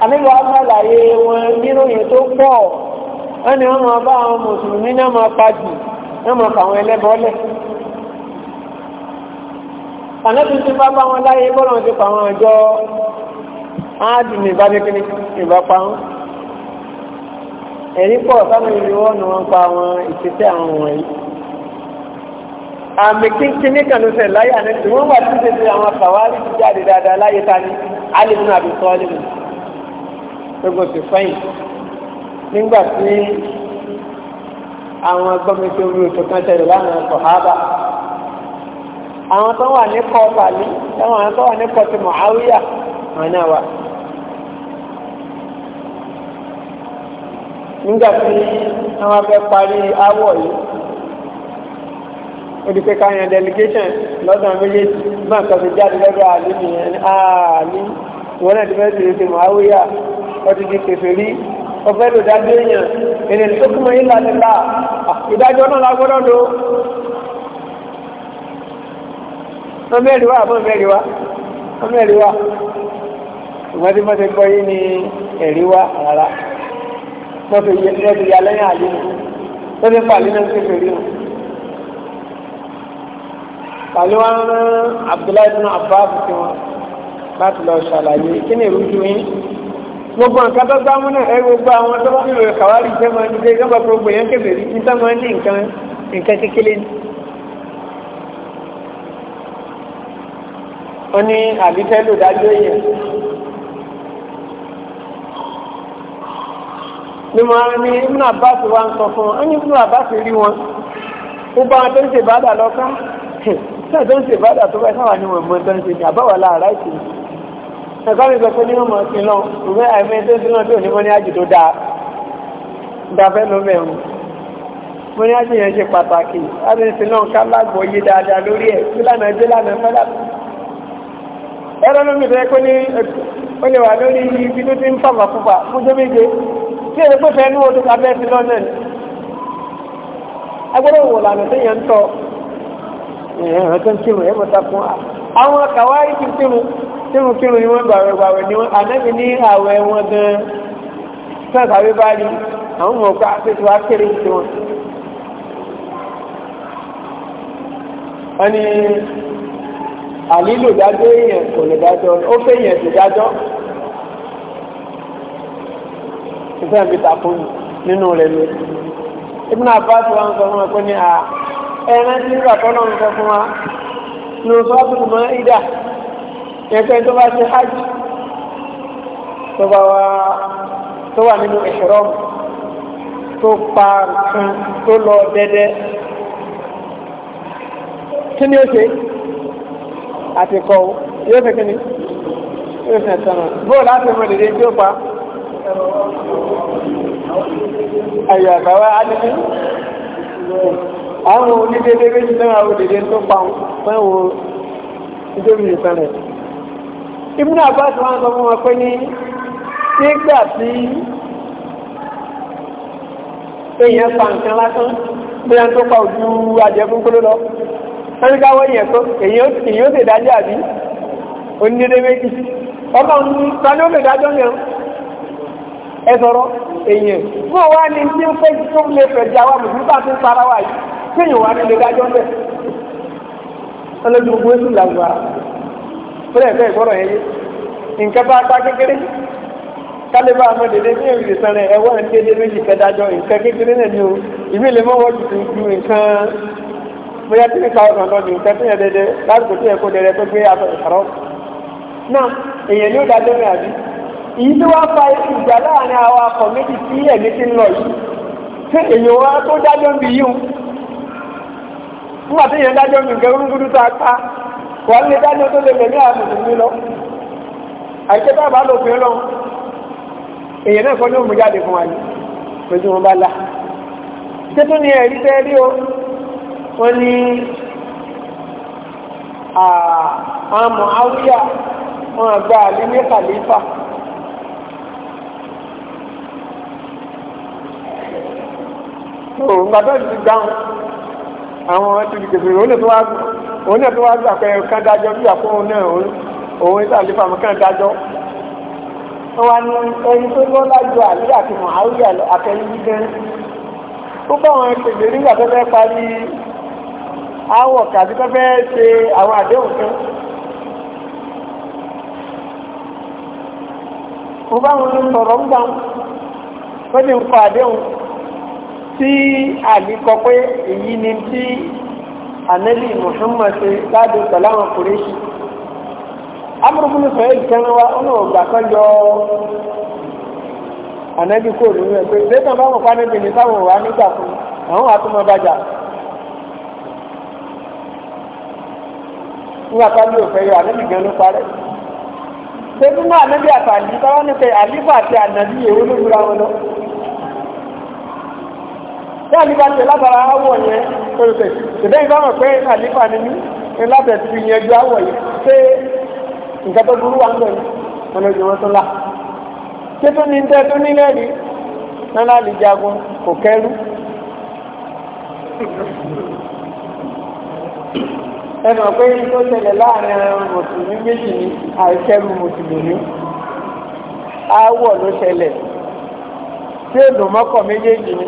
àníbi wàá sàlàyé wọn níròyìn tó pọ̀ wọ́n ní wọ́n máa bá àwọn mùsùlùmí náà máa pàjù wọ́n máa fà àwọn ẹlẹ́bọ́lẹ̀ ànábi ti bá bá wọn láyé bọ́lọ̀ ti pa àwọn àjọ áàdìmí bá dékìní ìbá pa wọn ẹ̀rí pọ̀ sáwọn ìlú ọ̀nà wọn pa àwọn ìṣẹ́ṣẹ́ àwọn wọ̀nyí àmì kíkíní kan ló fẹ́ láyé ànábi wọ́n wà tí ó ṣe àwọn àfàwárí ti jáde dáadáa láyé ta ni alẹ́ nínú gbogbo ti fẹ́yìn nígbà tí àwọn gbọ́mẹsẹ̀ orí kan tẹ̀lé lánàá àwọn tó wà ní kọ́ pàlí àwọn tó wà ní kọ́ ti mọ̀háwíyà wọn náà wà. nígbà tí àwọn afẹ́ parí awọ̀ yìí delegation lọ́dọ̀ méjèèjì bá ọtí di kèfèrí ọfẹ́ lò dájú èèyàn èdè tó kúmọ̀ yìí láti bá ìdájọ́ náà lágbọ́dọ̀ lò wọ́n mẹ́rin wá àbọ̀ mẹ́rin wá wọ́n mẹ́rin wá ìwọ́n tí wọ́n ti gbọ́ yìí ní ẹ̀rí wá rárá wọ́n ti yà lẹ́yìn àlè wọ́n ti pàlè náà kèfèrí wọn pàlè wọn rán Abdullahi bin Abbas láti lọ ṣàlàyé kí ni ìrújú yín gbogbo nǹkan tó gbámú náà ẹ gbogbo àwọn tó bá nílò kàwárí jẹ́ máa ń jẹ́ gbogbo gbogbo yẹn kébèrè ní tó nke ní nǹkan kékeré ni. ó ní àbífẹ́ lò dájú èèyàn ni mo ní ń sọ fún wọn ó ní rí wọn ó bá bada tó ń ṣe lọ́kàn tó ń ṣe tó ẹ̀kọ́ mi sọ pé nínú mọ̀ sí lọ ìwé àìmọ́ tó sí náà tó ní mọ́ní ájì tó dáa dáfẹ́ ló mẹ́rún mọ́ní ájì yẹn ṣe pàtàkì láti sí náà ká lágbọ́ yé dáadáa lórí ẹ̀ tí lánà dé lánà fẹ́lá ẹ̀rọ lómi tó yẹ pé ní ó lè wà lórí ibi tó ti ń fàmà fúfà fún tó méje tí èrè pé ní odò abẹ́ sí lọ́nà ni agbọ́dọ̀ wò lànà tó yẹn ń tọ́ ẹ̀hàn tó ń kírun ẹ̀ mọ̀ta fún àwọn kàwárí ti kírun kírun kírun ni wọ́n gbàwẹ̀ gbàwẹ̀ ni wọ́n ànábì ní àwẹ̀ wọn gan sẹ́ẹ̀sì àwẹ̀ bá rí àwọn ọmọ ọ̀pá àpètè wa kéré sí wọn. wọ́n ní àlílò dájọ́ èèyàn kò lè dájọ́ ó fẹ́ èèyàn sì dájọ́ ìfẹ́ mi tàkùn nínú rẹ̀ mi. Ibn Abbas wa ń sọ fún wa pé ní ẹran tí ń rà tọ́lọ́ ń sọ fún wa ní oṣù àbùkù mọ́ ìdá ẹgbẹ́ tó bá ṣe hajj tó bá wá tó wà nínú ihram tó pa nǹkan tó lọ dẹ́dẹ́ kí ni ó ṣe àti kọ́ yóò fẹ́ kí ni yóò fẹ́ sọ̀rọ̀ bóòlù láti mọ dèdè tí ó pa ayọ̀ àbáwá adìsí àwọn onídéédé méjì náà wò dèdè tó pa wọn wo nítorí ìtàn Ibn na wọn sọ fún wọn pé ní nígbà tí èèyàn pa nǹkan lásán bóyá tó pa ojú àjẹkúnkúrú lọ wọ́n èèyàn tó èèyàn ó sì dájọ́ àbí onídéédé méjì ọmọ nǹkan ó lè dájọ́ yẹn ẹ sọ̀rọ̀ èèyàn fún wa ni tí ń fẹ́ tó lè ti ń sara wa yìí kéèyàn wà ní lè dájọ́ bẹ́ẹ̀ ọlọ́dún gbogbo èsì fúnẹ̀ fẹ́ ìgbọ́rọ̀ yẹn yé nǹkan bá pa kékeré kálí bá ọmọ dédé ní èrè sàn rẹ ẹwọ́n ń dédé méjì kẹdájọ nǹkan kékeré náà ni o ìmí lè mọ́ wọ́n tutù ju nǹkan bóyá tí nípa ọ̀sán lọ ní nǹkan tó yẹ dédé lásìkò tó yẹ kó dédé tó gbé aṣọ ìṣàrọ̀ náà èèyàn ni ó dájọ́ rẹ̀ àbí èyí tí wọ́n fa ìjà láàrin àwọn akọ̀ méjì tí ẹ̀mí ti ń lọ yìí tí èèyàn wa tó dájọ́ ń bi yìí o nígbà tí èèyàn dájọ́ nǹkan rúgúdú tá a pa wọ́n lè dáni tó lè mẹ́mí àwọn mùsùlùmí lọ àìkẹ́ bá bá lò fi lọ èyàn náà kọ́ ní òmù jáde fún wa ní ojú wọn bá la ṣé tó ní ẹ̀rí tẹ́ rí o wọ́n ní àmọ̀ áwíyà wọn àgbà àlè ní kàlífà tó ń gbàdọ̀ ti dáhùn àwọn ti gbèsè ìrọ̀lẹ́ tó wá gùn òun náà tó wá gbà pé kán dájọ́ bí àpòhùn náà òun ìsàlẹ̀ fàmù kán dájọ́ wọ́n ní ẹni tó lọ́lá ju àlè àti mọ̀háwíyà àtẹ̀yìn gan ó bá wọn pèsè nígbà tó fẹ́ parí áwọ̀ tàbí tó fẹ́ ṣe àwọn àdéhùn kan mo bá wọn sọ̀rọ̀ ń gbà wọ́n ti ń kọ àdéhùn tí àlè pé èyí ni tí ànẹ́lì Muhammad ṣe láti pẹ̀lú àwọn kùrẹ́ṣì amúrúkúrú sọ̀rọ̀ ìkẹrin wa ọ̀nà ọ̀gbà kan yọ ànẹ́bí kò rí rẹ̀ pé lẹ́tàn bá wọn pàdé bìnní táwọn wà nígbà fún àwọn àtúmọ̀ bàjá nígbà tá ní òfẹ́ yọ ànẹ́bí gan ló parẹ́ ṣé nínú ànẹ́bí àtàlí táwọn nífẹ̀ẹ́ àlífà àti ànàbí èwo ló gbúra wọn lọ tí àlífà tẹ̀ látara àwọ̀ yẹn pẹ̀lẹ́pẹ̀ ṣẹ̀dẹ́ ìbámọ̀ pé àlífà ni mí ẹ lábẹ̀ ti yẹn ju àwọ̀ yìí pé nǹkan tó burú wà ń bẹ̀rẹ̀ wọn lójú wọn tó là ṣé tó ní tẹ́ tó nílẹ̀ rí nánà àlìjagun kò kẹ́rú ẹnu pé tó ṣẹlẹ̀ láàrin mùsùlùmí méjì ní àìkẹ́rù mùsùlùmí àwọ̀ ló ṣẹlẹ̀ tí èdò mọ́kọ̀ méjèèjì ni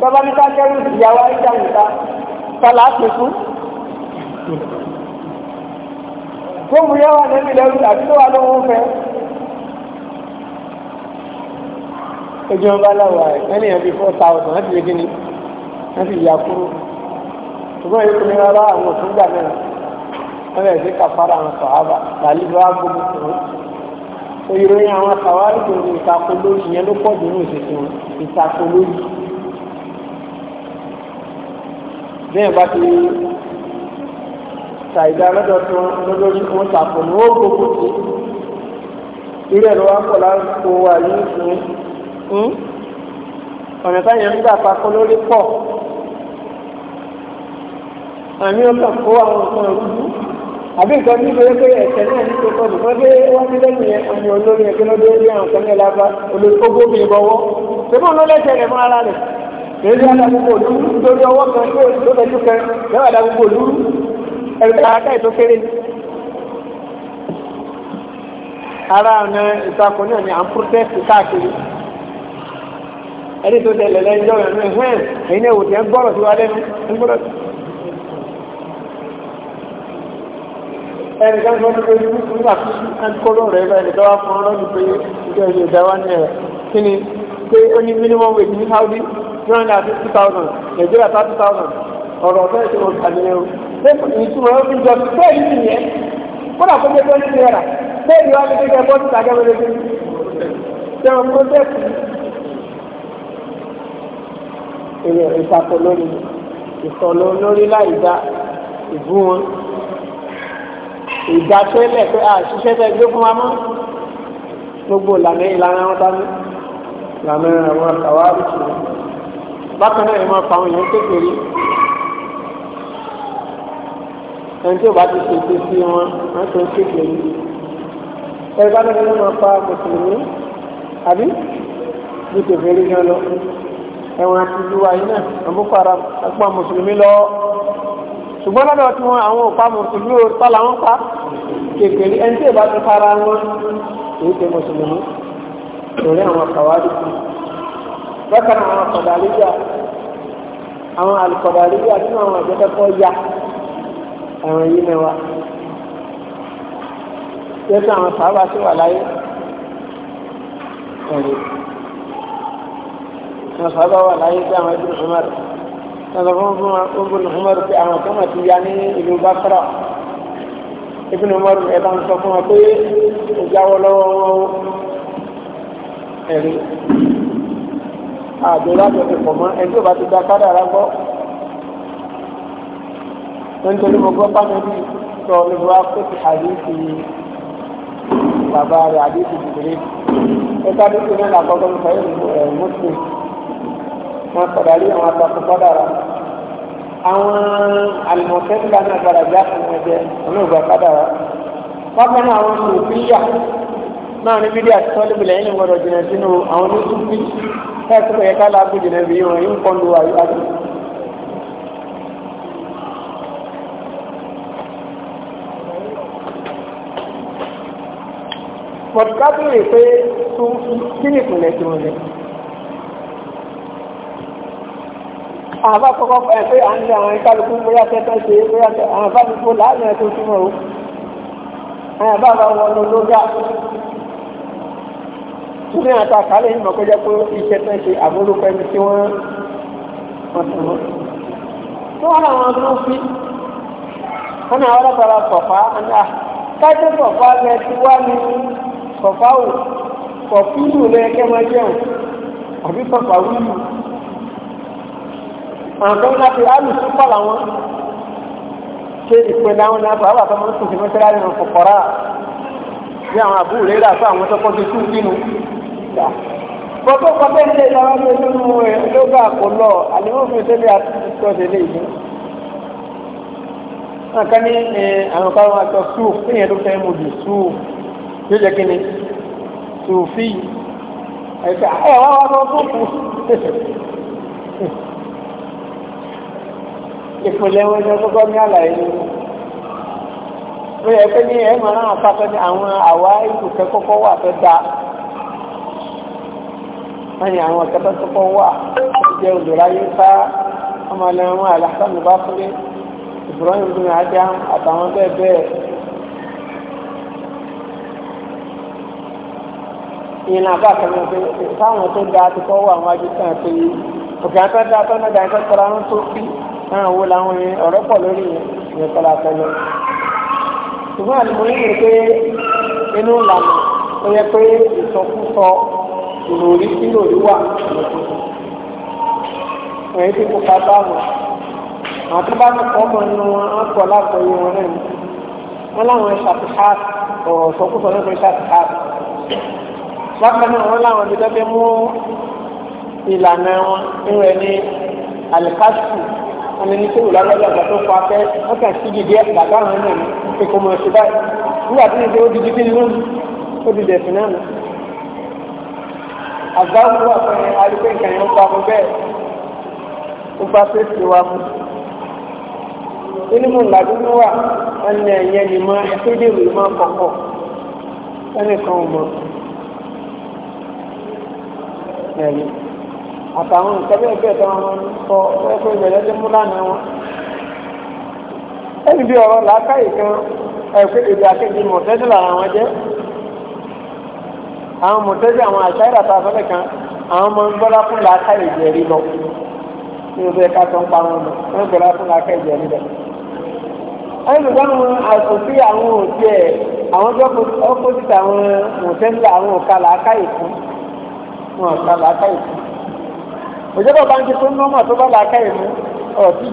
bàbá mi ká kẹ́rù ìyàwó àìjà nìta kàlà àpèkú gbogbo yẹn wà lẹ́nu lẹ́rù àti tó wà lọ́wọ́ fẹ́ ojú ọba láwà ẹ̀ ẹni ẹ̀ bí four thousand láti lè gíní láti yà kúrò ṣùgbọ́n èyí kúrò rárá àwọn òtún gbà náà wọ́n bẹ̀rẹ̀ sí kàfàrà àwọn sọ̀hábà làlí bá gbogbo kúrò ìròyìn àwọn sàwárí kò ní ìtakò lórí ìyẹn ló pọ̀ jù ní òṣèṣin ìtakò lórí bẹ́ẹ̀ bá ti ṣàìdá lọ́dọ̀ tó lórí wọn ṣàpò ní ó gbogbo sí irú ẹ̀rọ wa pọ̀ láti wà ní ìsìn ọ̀nà táyà ń gbà pakọ́ lórí pọ̀ àmì ọkàn kó àwọn nǹkan rúdú àbí nǹkan bí wọ́n pé ẹ̀sẹ̀ náà ní tó kọ́dù wọ́n pé wọ́n ti lẹ́yìn yẹn ọmọ olórí ẹgbẹ́ lọ́dọ̀ orí àwọn kan ní ẹ̀lábá olórí ó gbóbi ìbọwọ́ ṣùgbọ́n olólẹ́sẹ̀ rẹ̀ mọ́ ara rẹ̀ èyí á dá gbogbo òlú nítorí ọwọ́ kan tó lẹ́jú kan lẹ́wà dá gbogbo òlú ẹ̀rù kàràkà ètò ni à protest káàkiri ẹni tó tẹ̀lẹ̀ lẹ́jọ́ ìrìn ẹ̀hẹ́n èyí náà òtí ẹ̀ ń gbọ́rọ̀ sí wa lẹ́nu ń gbọ́rọ̀ sí ẹni kan sọ pé nígbà tí ẹ̀ ń kóró rẹ̀ bá ẹni tọ́wọ́ fún ọlọ́dún pé ìjọ ìjọ ìdáwà ní ẹ̀ minimum wage ní two hundred and fifty thousand nàìjíríà thirty thousand ọ̀rọ̀ ọ̀fẹ́ ìṣòro ìgbàlẹ̀ o ìtumọ̀ ẹ̀ fún ìjọba bẹ́ẹ̀ yìí ti yẹ kódà kó jẹ́ twenty naira bẹ́ẹ̀ ni wọ́n ti kékeré bọ́ọ̀sì tàgẹ́ wẹ́rẹ́ bí sẹ́wọ̀n protest èèyàn ìtakò lórí ìsọ̀nà lórí láì dá ìbú wọn ìdásẹ́lẹ̀ pé àṣìṣe tẹ gbé fún wa mọ́ gbogbo ìlànà ìlànà wọn dání ìlànà àwọn àkàwárí ṣùgbọ́n bákan náà ẹ máa fa àwọn èèyàn kékeré ẹni tí ò bá ti ṣe ṣe sí wọn wọn tó ń kékeré ẹ bá náà ẹ máa fa mùsùlùmí àbí bí kékeré gan lọ ẹ̀wọ̀n àti ìlúwa yìí náà àmúfàrà ẹ̀pọ̀ mùsùlùmí lọ ṣùgbọ́n lọ́dọ̀ tí wọ́n àwọn òpá mùsùlùmí ò tọ́lá wọn pa kékeré ẹni tí ò bá ti fara wọn kì í ṣe mùsùlùmí torí àwọn kàwárí fún bákan àwọn àkọ̀dàlíyà àwọn àlùkọ̀dàlíyà nínú àwọn àjẹkẹ́kọ̀ọ́ ya àwọn yìí náà wá yẹ́sẹ̀ àwọn sábà sí wà láyé ẹ̀rí àwọn sábà wà láyé bí àwọn ibùdó ọmọdé sọ̀rọ̀ fún fún ibùdó ọmọdé pé àwọn kan ti ya ní ìlú bákàrà ibùdó ọmọdé ẹ̀ bá ń sọ fún wa pé ìjáwọ́ lọ́wọ́ ẹ̀rí àdúrà tó ti pọ̀ mọ́ ẹni tó bá ti da kádàrá gbọ́ nítorí mo gbọ́ pánẹ́lì sọ lóbu áfíríkì àdéhùn bàbá rẹ̀ àdéhùn ìdílé ẹ̀ka dúkú náà làkọ́kọ́ nípa ẹ̀ mùsùlùmí wọn padà rí àwọn àtàkùn kádàrá àwọn àlùmọ̀tẹ́ńkà náà gbàdàgbà fún ẹgbẹ́ olóògbà kádàrá wọn fẹ́ràn àwọn mùsùlùmí yà náà ní bídíà tí wọ́n lébìlẹ̀ yín gbọ́dọ̀ jìnà sínú àwọn ní súnfì láti pẹ̀yẹ ká láàbù jìnà bí wọn yín kọ́ lu àyíká tó. pọ̀tùká tó lè pé súnfì kí ni ìpìlẹ̀ tí wọ́n lẹ̀. àbá kọ́kọ́ ẹ̀ pé à ń lé àwọn ìkálukú bóyá tẹ́tẹ́ ṣe bóyá àwọn bá kó láàrin ẹ̀ túmọ̀ o. àwọn bá bá wọn lọ lóga ní ata kálẹ̀ yìí mọ̀kọ́ jẹ́ pé iṣẹ́ tó ń ṣe àmúlòpọ̀ ẹni tí wọ́n wọ́n tó wọ́n. tó wọ́n làwọn tó ń fi wọ́n ní àwọn ọ̀rọ̀ kọ̀fà ńlá kájọ́ kọ̀fà rẹ ti wá ní kọ̀fà ò kọ̀fúlù rẹ kẹ́ máa jẹun àbí kọ̀fà wúlù. àwọn tó ń láti alùpùpù pọ̀ làwọn ṣe ìpínlẹ̀ àwọn náà bàbá àtọmọ́ tó ti mẹ́tẹ́rẹ́ àrùn kọ̀kọ̀rà bí àwọn àbúrò rẹ̀ rà fún àwọn tó kọ́ ìgbà gbogbo kọfẹ́ ilé ìlànà tó nínú rẹ̀ ló bá kò lọ àlẹ́mọ́fin sẹ́lẹ̀ àtúntò sílé yìí nǹkan ní àwọn kan máa sọ sùúf níyẹn tó fẹ́ mú di sùúf yóò jẹ́ kí ni sùúfì ẹ̀ka ẹ̀ wá wá lọ sùúfù ìpìlẹ̀ wọn ni ọkọ̀ ní àlàyé nínú ó yẹ pé ní ẹ̀ máa ń àpapọ̀ ní àwọn àwa ìkùkẹ́ kọ́kọ́ wà tó dáa wọ́n ní àwọn ọ̀kẹ́tọ́ tó kọ́ wà jẹ́ olùráyé sá ọmọlẹ́wọ̀n alásánù bá fúlé Ibrahim bin Adam àtàwọn bẹ́ẹ̀ bẹ́ẹ̀ ìyẹn àbá kẹrin pé táwọn tó dáa ti kọ́ wà wọn ajú kan pé òkè àtọ́ dáa tó náà dáa tó tọ́ra ń tó kí náà wo làwọn ọ̀rọ̀ pọ̀ lórí ìyẹn tọ́ra tẹ́lẹ̀ ṣùgbọ́n àlùmọ́ yìí pé inú ìlànà ó yẹ pé ìsọkúsọ ìròrí tí ìròrí wà ẹ̀yìn tí kò bá bá wọn àti bá ní kọ́ ọmọ inú wọn á kọ́ lágbọ̀ọ́yé wọn náà ni wọ́n láwọn ẹ̀ṣà ti ká ọ̀rọ̀ sọkúsọ náà ẹ̀ṣà ti ká bákan náà wọ́n láwọn ti dẹ́gbẹ́ mú ìlànà wọn nínú ẹni alikásù wọn ní sèwù lágbàdo àgbà tó fọ afẹ́ wọ́n kàn sí gidi ẹ̀ka báwọn náà ni kíkọ́ mọ̀ ẹ̀ṣẹ̀ báyìí wíwà tí ní sẹ́wọ́ gidi kí ni lónìí ó di àgbáwò wà fún ẹ alùpùpù nǹkan yẹn ń pa mọ́ bẹ́ẹ̀ ó bá fẹ́ fi wa mú onímọ̀ làdúgbò wà ẹni ẹ̀yẹ ni mọ́ ẹ̀kẹ́dẹ̀wé mọ́ kọ̀kọ̀ ẹnìkan ò mọ́ ẹ̀rí àtàwọn nǹkan bẹ́ẹ̀ bẹ́ẹ̀ tó wọn sọ ẹ̀kọ́ ìbẹ̀rẹ̀ tó mú lánàá wọn ẹni bí ọ̀rọ̀ làákàyè kan ẹ̀kọ́ ìdí akéde mọ̀tẹ́dẹ́là làwọn jẹ́ àwọn mọ̀tẹ́jì àwọn àṣà ìdàtà fẹ́lẹ̀ kan àwọn ọmọ ń fún làákà ìjẹ́ rí lọ ní ọdún ẹ̀ka tó ń pa wọn lọ wọ́n gbọ́dá fún làákà ìjẹ́ rí lọ. ẹnìkan àtòsí àwọn òbí ẹ̀ àwọn tó àwọn mọ̀tẹ́jì àwọn ọ̀ka làákà ìfún wọn ọ̀ka làákà ìfún. òjọba báńkì tó ń nọ́mọ̀ tó bá làákà ìfún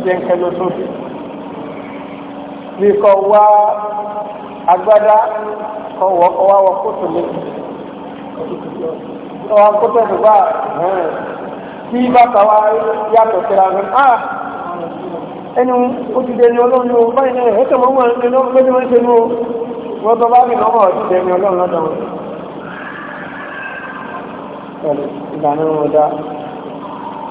jẹ́ lọ mi kọ wá agbádá kọ ọwọ́ akọ́tọ̀ nígbà tí bàtà wa yàtọ̀ síra rẹ̀ á ẹni òtìdẹ ni ọlọ́run yóò báyìí náà ẹ̀kẹ́ mọ́ wọn ẹni lójú wọn ṣe ní o wọ́n tọ́ bá mi lọ́mọ òtìdẹ ni ọlọ́run lọ́dọ̀ wọn. pẹ̀lú ìdáná wọn dá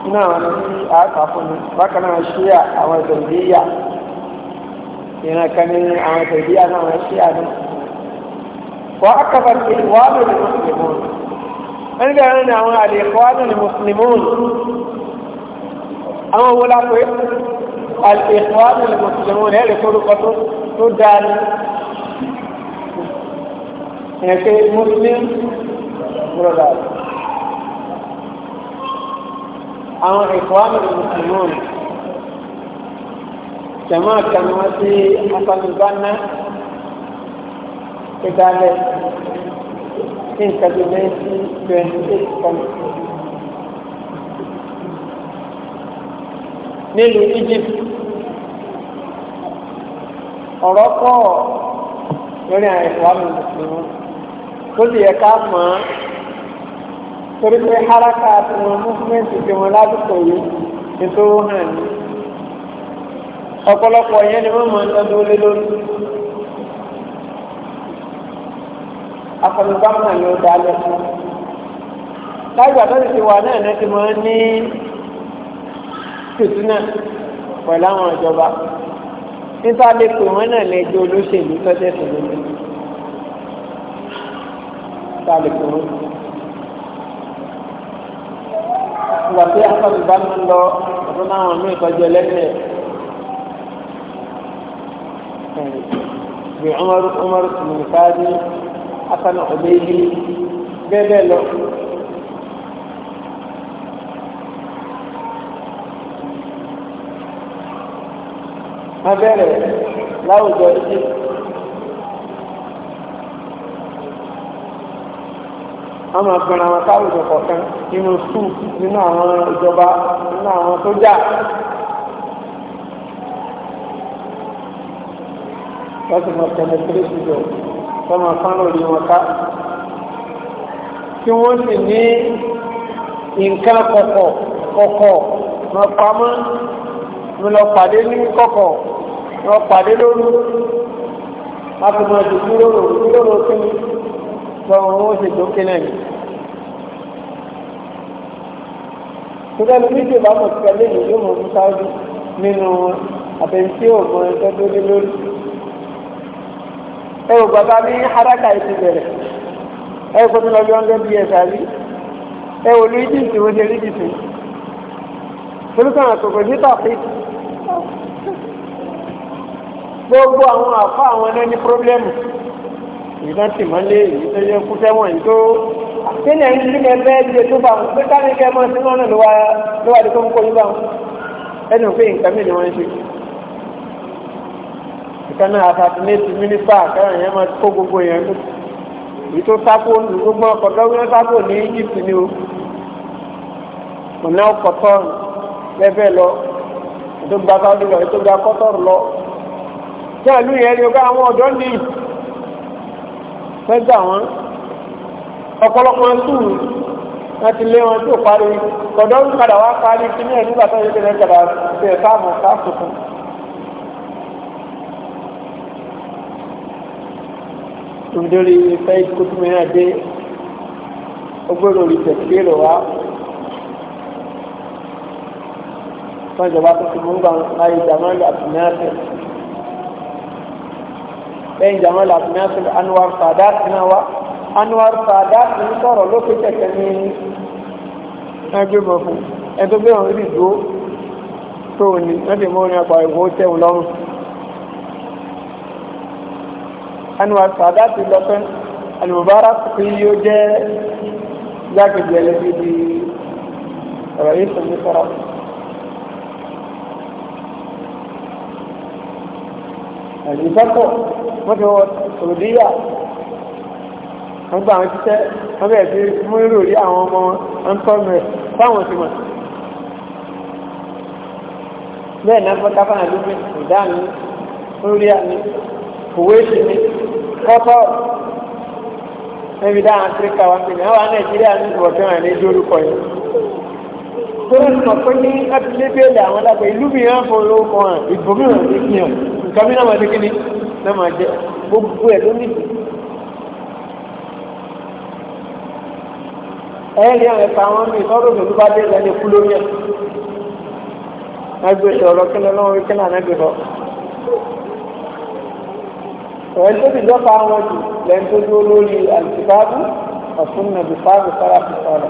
iná àwọn ní àákà fún bákan náà ṣí àwọn ìtòlùdíyà وعقب الإخوان المسلمون أنا أنا الإخوان المسلمون أما ولا الإخوان المسلمون هي لطرقة تدان يعني مسلم مرداد أما إخوان المسلمون كما كان في حسن البنا ìdálẹ̀ ní ìtẹ́jú méjì twenty eight point. nílùú Egypt ọ̀rọ̀ pọ̀ lórí àwọn ìwàlù mùsùlùmí tó sì yẹ ká mọ̀ ọ́n torí pé haraka àti wọn múfúmẹ́ǹtì tí wọn lásìkò yìí ni tó hàn ní ọ̀pọ̀lọpọ̀ yẹn ni wọ́n mọ̀ ń lọ́dún lé lórí. afọlùgbàmù ni ó dalẹ̀ lágbà lórí ti wà náà ní ti máa ń ní tìtúnà pẹ̀lú àwọn ìjọba nípa lè pè wọ́n náà lẹ́jọ́ olóṣèlú tọ́jẹ́ tòlú nípa lè pè wọ́n. ìgbà tí afọlùgbàmù lọ ọdún náà wọn ní ìtọ́jú ẹlẹ́sẹ̀ bí Umar Umar hasan ọ̀dẹ́yìn bẹ́ẹ̀ bẹ́ẹ̀ lọ. wọ́n bẹ̀rẹ̀ láwùjọ ìdí. wọ́n máa gbọ́n àwọn káwùjọ kọ̀ọ̀kan nínú skul nínú àwọn ìjọba nínú àwọn sójà. wọ́n sì máa tẹ̀lé kérésì sọmọ sánà ní wọn ká tí wọ́n sì ní nǹkan kọ̀kọ̀ kọ̀kọ̀ wọn pamọ́ wọn lọ pàdé ní kọ̀kọ̀ wọn pàdé lóru wọn kò máa dùn lóró lóró kí ni sọ̀rọ̀ wọn sì dókè náà yìí. tọ́lẹ́nu méjì bá mọ̀ sí ẹlẹ́yìn yóò mọ̀ ní sáájú nínú àbẹ̀ntí òògùn ẹ̀ńtẹ́ tó lórí ẹ wò bàbá mi haraka yìí ti bẹ̀rẹ̀ ẹ wò kótó lọ bí wọn lé bí ẹ sàbí ẹ wò lu ìdí ìsìn wọn ṣe rí ìdìsìn tolúkàn àkókò ní tàfí gbogbo àwọn àfa àwọn ẹni ní pírọ́blẹ́mù èyí náà tì mọ́lé èyí tó yẹ kú tẹ́wọ̀n yìí tó kíni ẹ̀yìn ní kẹ́ bẹ́ẹ̀ di ètò báwọn pé káni kẹ́ mọ́ sínú ọ̀nà ló wá ló kó ń kó yín báwọn ẹnu pé nǹkan mìíràn wọ́n ń ṣe ìkànnì àtàtúnétì mínísítà kẹrin yẹn máa kó gbogbo yẹn lù èyí tó sáko lù gbogbo ọkọ̀ dọ́gbọ́n sáko ní Egypt ni o ọ̀nà ọkọ̀ tọ́ọ̀nù lẹ́fẹ̀ lọ ètò gba sáwọ́dì lọ ètò gba kọ́tọ̀rù lọ tí àlù yẹn ni o bá àwọn ọ̀dọ́ ní fẹ́ gbà wọ́n ọ̀pọ̀lọpọ̀ sùn wọ́n ti lé wọn tó parí kọ̀dọ́rù padà wá parí kí ní ẹ̀ nígbà tó yẹ kí ẹ̀ tundori fẹ́ẹ́ kótómọ́ náà dé ó gbọ́dọ̀ rí tẹ̀síkérò wá fún ìjọba tó ti mú gbàǹ láyé jamal abdulnasir lẹ́yìn jamal abdulnasir anwar sadat náà wá anwar sadat ń sọ̀rọ̀ lókè kẹ̀kẹ́ ní ẹgbẹ́ mọ̀ fún ẹgbẹ́ mọ̀ rí dúró tó ní wọ́n ti mú ní ọgbà ìwọ́ tẹ̀wọ̀n lọ́rùn. anwar sadat lọ́tọ́n al-mubarak fi yóò jẹ́ lágbègbè ẹlẹ́gbẹ́ di ọ̀rọ̀ yìí sọ̀rọ̀ sọ̀rọ̀. ìfẹ́kọ̀ wọ́n ti wọ sòdíyà wọ́n gba àwọn títẹ́ wọ́n bẹ̀rẹ̀ sí mú irú rí àwọn ọmọ wọn tọ́nu ẹ̀ fáwọn ti mọ̀ bẹ́ẹ̀ náà fọ́ta fáwọn àdúgbò ìdáàmú orí àmì kuwaiti ni kọ́tọ́ níbi dá áfíríkà wá pè ní àwọn nàìjíríà ní ìwọ̀tún àní lórúkọ yìí tó ń mọ̀ pé ní abúlébélé àwọn dàgbà ìlú mìíràn fún olóko hàn ìbòmíràn ní kí hàn nǹkan mìíràn máa dékí ni náà máa jẹ gbogbo ẹ̀ ló nìyí. ẹ̀ẹ́dì àwọn ẹ̀ka àwọn mi sọ́dọ̀ òdòdó bá dé ìlànà ìkú lórí ẹ̀. ẹgbẹ́ sọ̀rọ̀ kí lọ́wọ́ kí lọ́wọ́ ẹ̀wọ̀n tó ti dọ́ta wọn jù lẹ́yìn tó dúró lórí àlùfáàbù ọ̀sùn nàbì fáàbù sára fi sọ̀rọ̀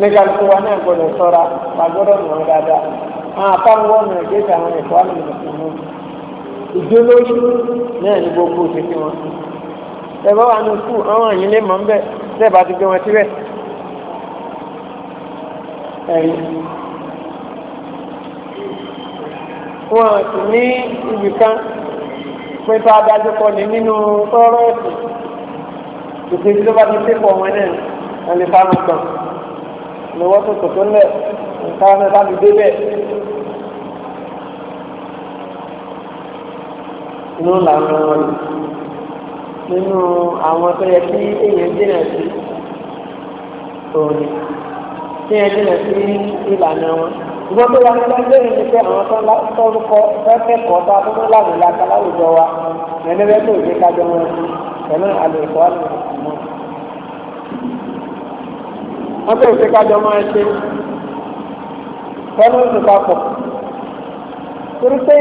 nígbà tó wà náà gbọdọ̀ sọ́ra wà gbọdọ̀ nù wọn dáadáa àwọn àtàwọn ọmọ ẹgbẹ́ ti àwọn ẹ̀kọ́ àmì ìmọ̀sùn ìjó lórí náà ní gbogbo òṣèké wọn ẹ̀bọ́ wa ní sùn àwọn àyìn lè mọ̀ ń tẹ́ẹ̀bà ti gbé wọn síbẹ̀ ẹ̀yìn wọn sì ní ibì kan pé tó adájú kọ ní nínú tọ́rọ̀ ẹ̀sìn ìgbésí ló bá ti pé pọ̀ wọn náà wọn lè fáwọn gbọ̀n lọ́wọ́ tó tò tó lẹ̀ nǹkan náà bá mi dé bẹ́ẹ̀. làwọn ọmọ rẹ̀ nínú àwọn tó yẹ kí èèyàn dènà sí òní tí èèyàn dènà sí ìlànà wọn ṣùgbọ́n tó wà nípa lẹ́yìn ní pé àwọn tó ń la tọ́lùkọ fẹ́fẹ́kọ̀ọ́ bá tó ń láwùjọ láta láwùjọ wa ẹ̀ẹ́dẹ́gbẹ́ tó ìgbé kájọ wọn sí pẹ̀lú àlọ́ ìkọ́ àlọ́ ìmọ̀. wọ́n tó ìgbé kájọ máa ń ṣe pẹ̀lú ìdùpapọ̀ torí pé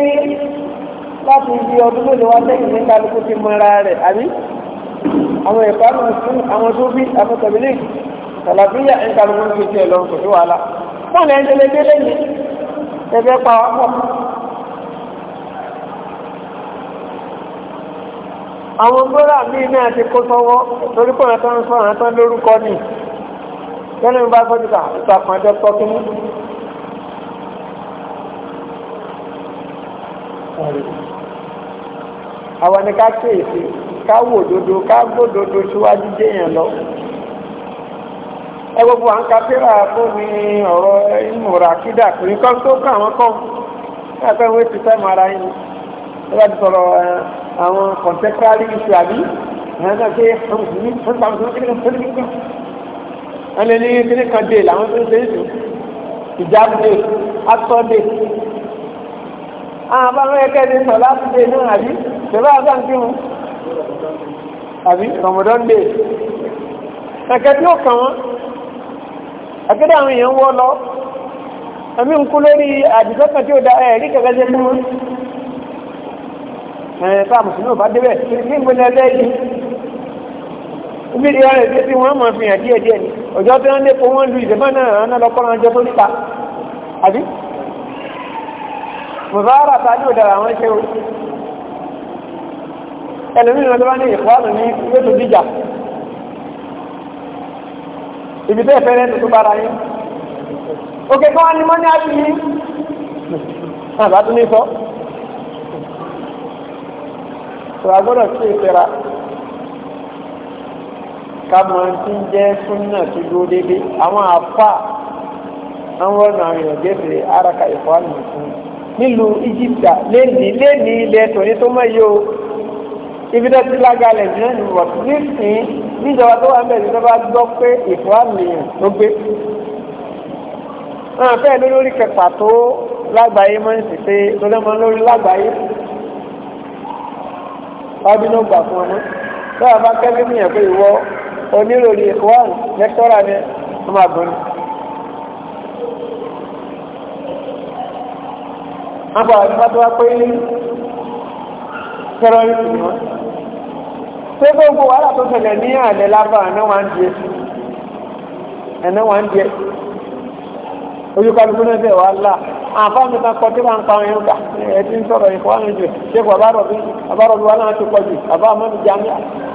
láti ibi ọdún mélòó wá sẹ́yìn ní kálukú ti mọ ara rẹ̀ àbí àwọn ìpamọ́ sí àwọn tó bí àfọ̀tẹ̀mílì tàlàbíyà ń ti tiẹ̀ lọ kò sí wàhálà fún ẹ̀ńtẹ̀lẹ̀ délé yìí ẹgbẹ́ pa wá pọ̀. àwọn gbọ́dọ̀ míì náà ti kó sọ́wọ́ torí pọ̀ ẹ̀tọ́ ń sọ àwọn ẹ̀tọ́ lórúkọ nì tẹ́lẹ̀ ń bá gbọ́dọ̀ kà ìtàkùn ẹjọ́ tọ́ kínní. àwọn ni ká kéèsì ká wò dodo ká gbódodo síwájú déèyàn lọ ẹ gbogbo à ń ka pẹ́rà tó ní ọ̀rọ̀ ìmọ̀ràn àkídà kò ní kán tó kàn wọ́n kàn ẹgbẹ́ wọn ti fẹ́ mara yín ẹ bá ti sọ̀rọ̀ àwọn contemporary issue àbí ẹ̀hán náà ṣe wọ́n lè ní kíní kan dé làwọn tó ń ṣe èso ìjáàbù dé atọ́ dé àwọn abáwọn ẹgbẹ́ ní sọ láti dé náà àbí bẹ́ẹ̀ bá bá ń kí àbí Ramadan dé ẹ̀kẹ́ tí ó kàn wọ́n àkídà àwọn èèyàn wọ́ lọ ẹ̀mí ń kú lórí àdìsọ́kàn tí ó da ẹ̀rí kẹ̀kẹ́ jẹ́ fún ẹ̀rẹ̀ tá mùsùlùmí ò bá débẹ̀ ní ìpínlẹ̀ lẹ́yìn ibi ìyá rẹ̀ títí wọ́n mọ̀ fi hàn díẹ̀ díẹ̀ ni ọjọ́ tí wọ́n lépo wọ́n lu ìdẹ́mọ́ náà ibi tẹ́ fẹ́rẹ́ tuntun bára yín òkè kan á ní mọ́ ní àbíyí àbá tún ní sọ sọ̀rọ̀ agbọ́dọ̀ sí ìfẹ́ra ká mọ tí ń jẹ́ súnà tó dúró dédé àwọn àfà àwọn ọ̀nà àwọn èèyàn gẹ́gẹ́ áraka ìfọ́ àmì fún nílùú Íjíbítà lẹ́ni lẹ́ni ilẹ̀ tòní tó mọ̀ yìí o ibi tẹ́ ti lágalẹ̀ jẹ́ nìwọ̀n nísìnyí níjọba tó wà ń bẹ̀ ní lọ́ba gbọ́ pé ìfọ́ àmìyàn ló gbé náà fẹ́ lórí kẹfà tó lágbàáyé máa ń sì pé lọ́lọ́mọ lórí lágbàáyé ọdún ló gbà fún ọmọ tó wà bá kẹ́lí mìíràn pé ìwọ oníròrí ìfọ́ àrùn lẹ́kọ́rà ni wọ́n máa gbọ́n Apọ̀ àti pátá wá pé tẹ́rọ̀rì ìwọ̀n pé gbogbo wàhálà tó ṣẹlẹ̀ ní àlẹ́ lábà ẹ̀nà wà ń díẹ̀ ẹ̀nà wà ń díẹ̀ olùkọ́lùkù náà bẹ̀ wàhálà àǹfààní kan kọ́ tí wọ́n ń pa wọn yóò gbà ẹ̀ ti ń sọ̀rọ̀ yìí fún àwọn jù ṣé kò àbárọ̀bí àbárọ̀bí wà náà ti pọ̀ jù àbá àmọ́mi jàmí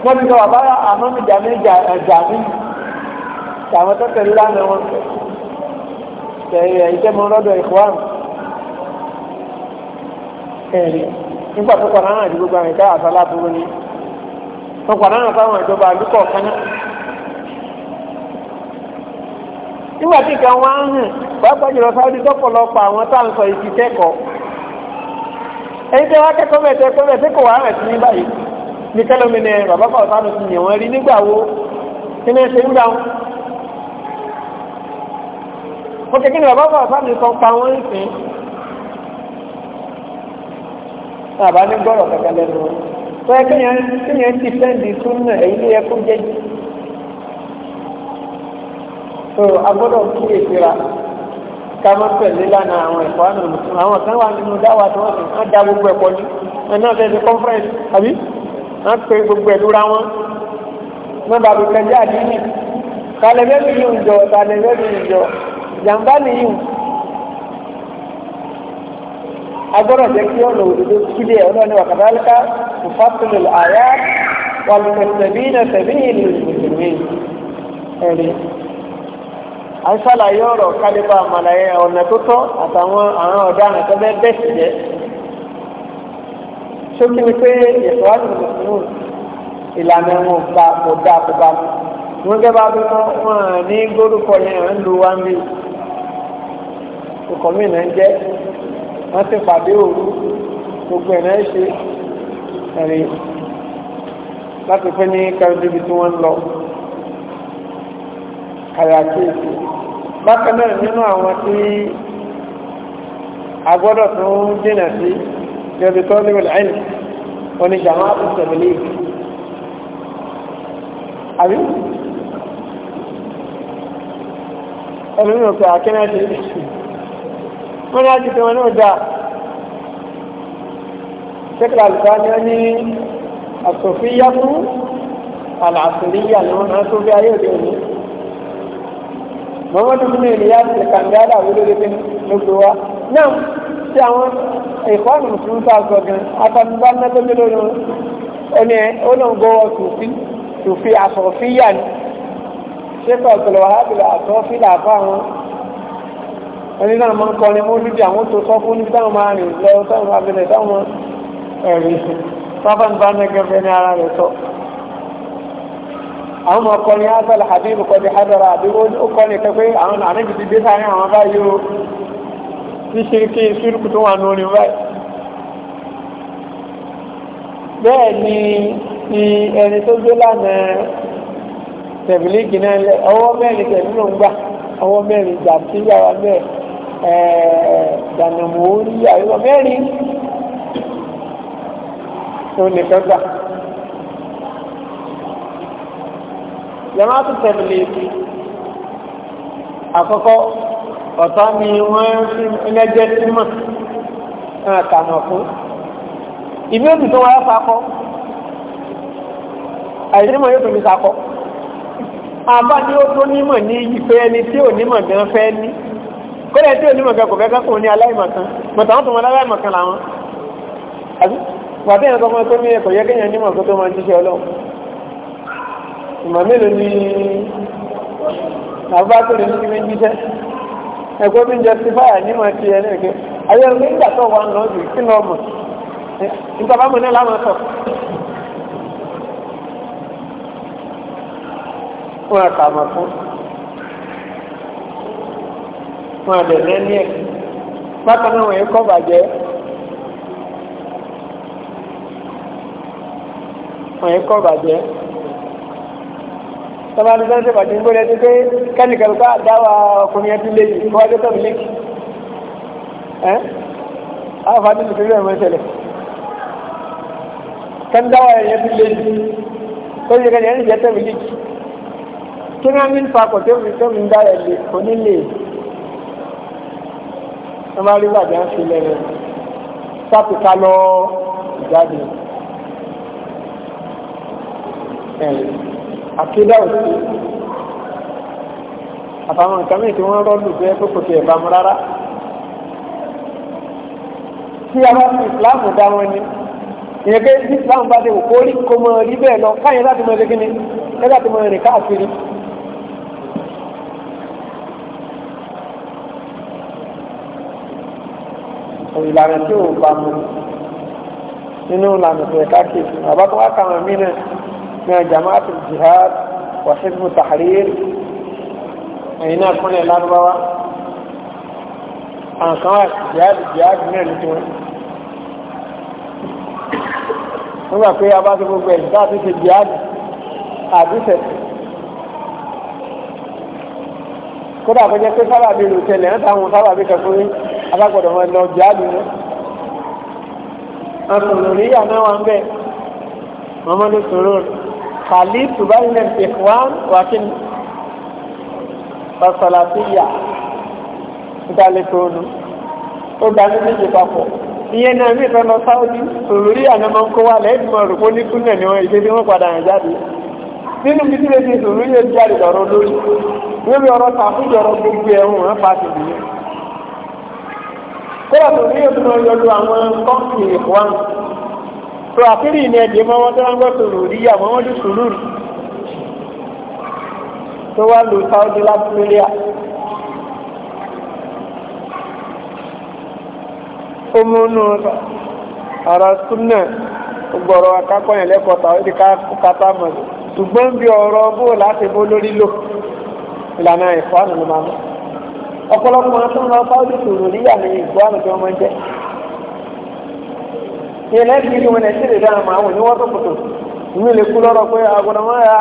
wọ́n ti sọ àbá àmọ́mi jàmí jàmí àwọn tó tẹ̀lé lánàá wọn tẹ̀yẹ̀ ìjẹ́mọ́ lọ́dọ̀ ìfọ́n ẹ̀rí nígbà tó kọ̀ náà àdúgbò gbàmìtá àtàlà burú ni wọn pàdánù fáwọn ìjọba àdúgbò kan náà nígbà tí nǹkan wá ń hàn pàápàá jùlọ sáwọ́dí tọ́pọ̀lọpọ̀ àwọn táǹsọ ìfi kẹ́kọ̀ọ́ ẹni tẹ́ wá kẹ́kọ̀ọ́ mẹ́tẹ́ kọ́ mẹ́tẹ́ kò wá rẹ̀ sí ní báyìí ní kẹ́lómìnà bàbá pàtàkì ti yẹ̀ wọ́n rí nígbàwó kí ní ṣe ń gbà wọn ó kẹ́kí ni bàbá pàtàkì kan pa wọ́n ń sìn àbá ní gbọ́rọ̀ kẹ́kẹ́ lẹ́nu wọn tó yẹ kéèyàn ti fẹ́ǹdì súnmọ́ èyí ló yẹ kó jẹ́ jù so agbọ́dọ̀ kí èsìra ká má pẹ̀lú lánàá àwọn ẹ̀kọ́ àná mùsùlùmí àwọn kan wà nínú dáwà tí wọ́n sì ń da gbogbo ẹ̀kọ́ ní ẹ̀nà ọ̀sẹ̀sẹ̀ conference àbí wọ́n pe gbogbo ẹ̀lú ra wọn wọ́n bá bùkẹ́ jẹ́ àdínì kálẹ̀ mẹ́rin yìí ń jọ kálẹ̀ mẹ́rin yìí ń jọ jàǹbá nìyí agbọ́dọ̀ jẹ́ kí ọ̀nà òdodo sílẹ̀ ọlọ́ni wà kàdálíkà kò fásitì lọ àyà wà lùmọ̀tẹ̀bí iná tẹ̀bí ìlú ìgbìmí ẹ̀rí. à ń ṣàlàyé ọ̀rọ̀ kálíbà àmàlàyé ọ̀nà tó tọ́ àtàwọn àwọn ọ̀daràn tó bẹ́ẹ̀ bẹ́ẹ̀ sì jẹ́. ṣókí ni pé ìyẹ̀fọ́ àti mùsùlùmí ìlànà wọn gba kò dáa kò bá mi wọ́n gẹ́ bá bí wọ́n ní gbórúkọ yẹn ń lu wá ń bí ìkọ̀mí ń jẹ́ wọ́n ti pàdé òru gbogbo ẹ̀ náà ṣe ẹ̀rìn láti pé ní kẹrìndínlẹ́bí tí wọ́n ń lọ àyàkéèsì bákan náà nínú àwọn tí a gbọ́dọ̀ tún jìnà sí gẹ́gẹ́ tó ní wọ̀lẹ̀ ẹ̀yìn oníjàmá àbùsẹ̀mìlì àbí ẹlòmíràn pé àkínà ṣe mọ́nà àti tẹ̀wọ̀n náà dáa ṣẹ́kìlá àlùfáàní ní àsòfíyá fún àlàáfíríyà ni wọ́n máa tó bí ayé òde òní mọ́mọ́dé mi ní ìyá ti kàńgáàdà wọlé lóde lóko wa náà tí àwọn ẹ̀kọ́ àwọn mùsùlùmí tó àgọ́ gan atamibá náà mélòó ni ẹni olóńgbò tòfí tòfí àsòfíyà ni ṣé kọ̀ọ̀tọ̀lọ̀ wàhálà àsòfíyà fáwọn ẹni náà máa ń kọrin mọ́ lójú àwọn tó sọ fún ní táwọn máa rìn lọ táwọn abẹ́lẹ̀ táwọn ẹ̀rí sábà ń bá nẹ́gẹ́fẹ́ ní ara rẹ̀ sọ. àwọn ọmọ kọrin asal habib kọjú hadara àbí ó kọrin pé àwọn àníbi ti dé sáré àwọn báyìí o ti ṣe kí sírùkù tó wà ní orin báyìí. bẹ́ẹ̀ ni ni ẹni tó gbé lánàá tẹ̀bílì gínà ọwọ́ mẹ́rin tẹ̀bílì ń gbà ọwọ́ mẹ́rin jà sí yàrá mẹ́rin ìdànàmù eh, orí àríwọ̀ mẹ́rin tó nìkan gbà. Yamaatu tẹ̀lifí àkọ́kọ́ ọ̀tá mi wọ́n fi ẹlẹ́jẹ́ sí mọ̀ ẹ̀rọ kàmọ̀ fún. Ìbéèrè tó wáyé fakọ́ àìsí mọ̀ yóò tó mi sakọ́. Àbá ni ó tó nímọ̀ ní ìfẹ́ ẹni tí ò nímọ̀ gan fẹ́ ní kódà tí onímọ̀ kan kò fẹ́ ká fún ní aláìmọ̀kan mọ̀tà wọn tó mọ aláìmọ̀kan làwọn àbí wàtí ẹ̀yàn tó mọ tó ní ẹ̀kọ́ yẹ kéèyàn nímọ̀ kó tó máa jíṣẹ́ ọlọ́run ìmọ̀ mélòó ni àbúrò tó lè ní kí mi jíṣẹ́ ẹ̀kọ́ bí ń jẹ sí fáyà nímọ̀ ti ẹ̀ lẹ́ẹ̀kẹ́ ayé ẹ̀rọ nígbà tó wà lọ sí kí lọ́mọ nígbà bá mọ̀ náà láwọn sọ. wọ́n kà mọ̀ fún wọn àdẹ̀ lẹ́ni ẹ̀ bákan náà wọ̀nyí kọ́ bàjẹ́ wọ̀nyí kọ́ bàjẹ́ tọ́ba ní sọ́ńtẹ́ bàjẹ́ ń gbọ́dọ̀ ẹni pé kẹ́nìkan bá dáwà ọkùnrin ẹbí léyìí kọ́ ẹjọ́ tọ́bi léyìí ẹ́ àwọn fàájì lè fi rí ẹ̀mọ́ ìṣẹ̀lẹ̀ kẹ́ńdáwà ẹ̀yẹ́bí léyìí tó yẹ kẹ́ni ẹni jẹ́ tó fi tó fi ń dá ẹ̀ lé onílé yìí wọ́n máa rí bàjẹ́ ń ṣe lẹ́rẹ̀ sápìká lọ ìjáde àkédà òsì àtàwọn nǹkan mìíràn tí wọ́n rọ́ọ̀lù bẹ́ẹ̀ tó kò tiẹ̀ bá mu rárá tí a bá fi ìsìláàmù dá wọn ni ìyẹn pé ìsìláàmù bá dé òkórí kó mọ rí bẹ́ẹ̀ lọ káyọ̀ láti mọ ẹgbẹ́ kí ni ẹ láti mọ ẹrìn káàkiri. ìlànà tí ò bá mu nínú ìlànà tó ẹ̀ka kéèkì àbá tó wá kàwọn mí náà ní jamaatu jihad wa hizbu tahrir ẹ̀yin náà kúnlẹ̀ lárúbáwá àwọn kan wà jihad jihad náà ní tiwọn nígbà pé a gbogbo ẹ̀ bá tó ṣe jihad àdúṣẹ̀ kódà kó jẹ́ pé sábàbí lò tẹ̀lé ń táwọn sábàbí kẹfún yìí alágbọ̀dọ̀ wọn lọ jẹ́ àlùmọ́ ọkùnrin rí àná wa ń bẹ̀ wọ́n mọ́ ní sòrò kàlí tùbáìlẹ̀ ìfúwán wàkín ọ̀sọ̀làfíyà ìdálẹ́kọ̀ọ́nù ó gba ní méje papọ̀ ìyẹn náà ní ìtọ́nà sáúdí sòrò rí àná máa ń kó wà lẹ́ẹ̀dùnmọ̀ rò pé ní kúnnẹ̀ ni wọ́n ìdílé wọn padà rìn jáde nínú bíbélì sòrò yóò jáde lọ́rọ̀ lórí lórí ọ̀rọ̀ kódà tó ní òtún náà yọjú àwọn kọ́ńtì ìwọ̀n tó àkírí ní ẹ̀dẹ̀ mọ́ wọn tó wọ́n gbọ́ sòrò rí yà wọ́n wọ́n dì sùúrù tó wá lu Saudi Arabia ó mú nù ara súnà gbọ̀rọ̀ akákọ̀yìn lẹ́kọ̀ọ́ Saudi kátà mọ̀ ṣùgbọ́n bí ọ̀rọ̀ bó láti bó lórí lò ìlànà ìfọ́ àná ló máa mú. ọ̀pọ̀lọpọ̀ tó ń lọ sáwọ́dì sòrò níyà ní ìgbọ́ àmì tí jẹ́ ìyẹn ti ní wọn ẹ̀sìn lè dára tó kòtò ìlú lè kú lọ́rọ̀ pé agbọ̀nà wọn yà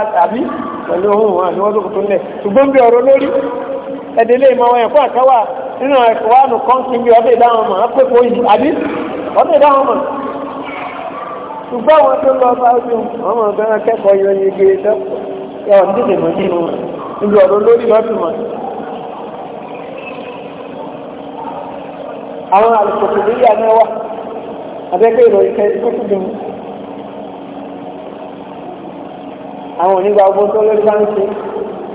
pẹ̀lú ohun wọn tó kòtò ṣùgbọ́n bí ọ̀rọ̀ lórí lè mọ ẹ̀kọ́ nínú ẹ̀kọ́ bí ọdẹ ìdáhùn mọ̀ yìí àbí ọdẹ ìdáhùn mọ̀ ṣùgbọ́n tó lọ bá ojú ọmọ àwọn àlùkòkò ní ìyá náà wà abẹ́gbẹ́ ìròyìn kẹ́ ikú tún dùn. àwọn onígbà ogun tó lórí bá ń ṣe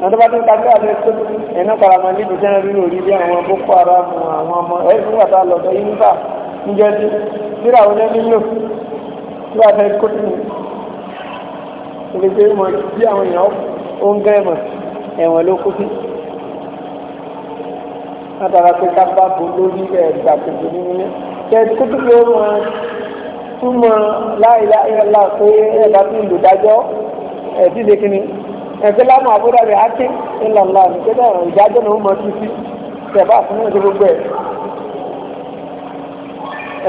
àwọn tó bá ti ń kájọ́ àti ẹ̀kọ́ ẹ̀nà karama níbi jẹ́ rí lórí bí àwọn boko haram àwọn ọmọ ẹ̀rí fún wàtá lọ́dọ̀ yìí nípa níjẹ́ sí síra àwọn ẹni yóò tí wàá fẹ́ kó tún ìlẹ́gbẹ́ mọ̀ bí àwọn èèyàn ó ń gẹ́ mọ̀ ẹ̀wọ̀n ló kó sí látara pé ká bá bo lórí ẹ̀dà kejì nínú kẹ́ẹ̀dì kó tún fi ó mọ túmọ̀ láìlá ìrẹ́lá pé ẹ̀dá tún lò dájọ́ ẹ̀dí lè kíni ẹ̀fẹ́ lánà àbúrò rẹ̀ ákí ńlọ̀lá nígbẹ́dẹ̀ ọ̀rọ̀ ìdájọ́ náà ó mọ títí tẹ̀bá fún mi gbogbo ẹ̀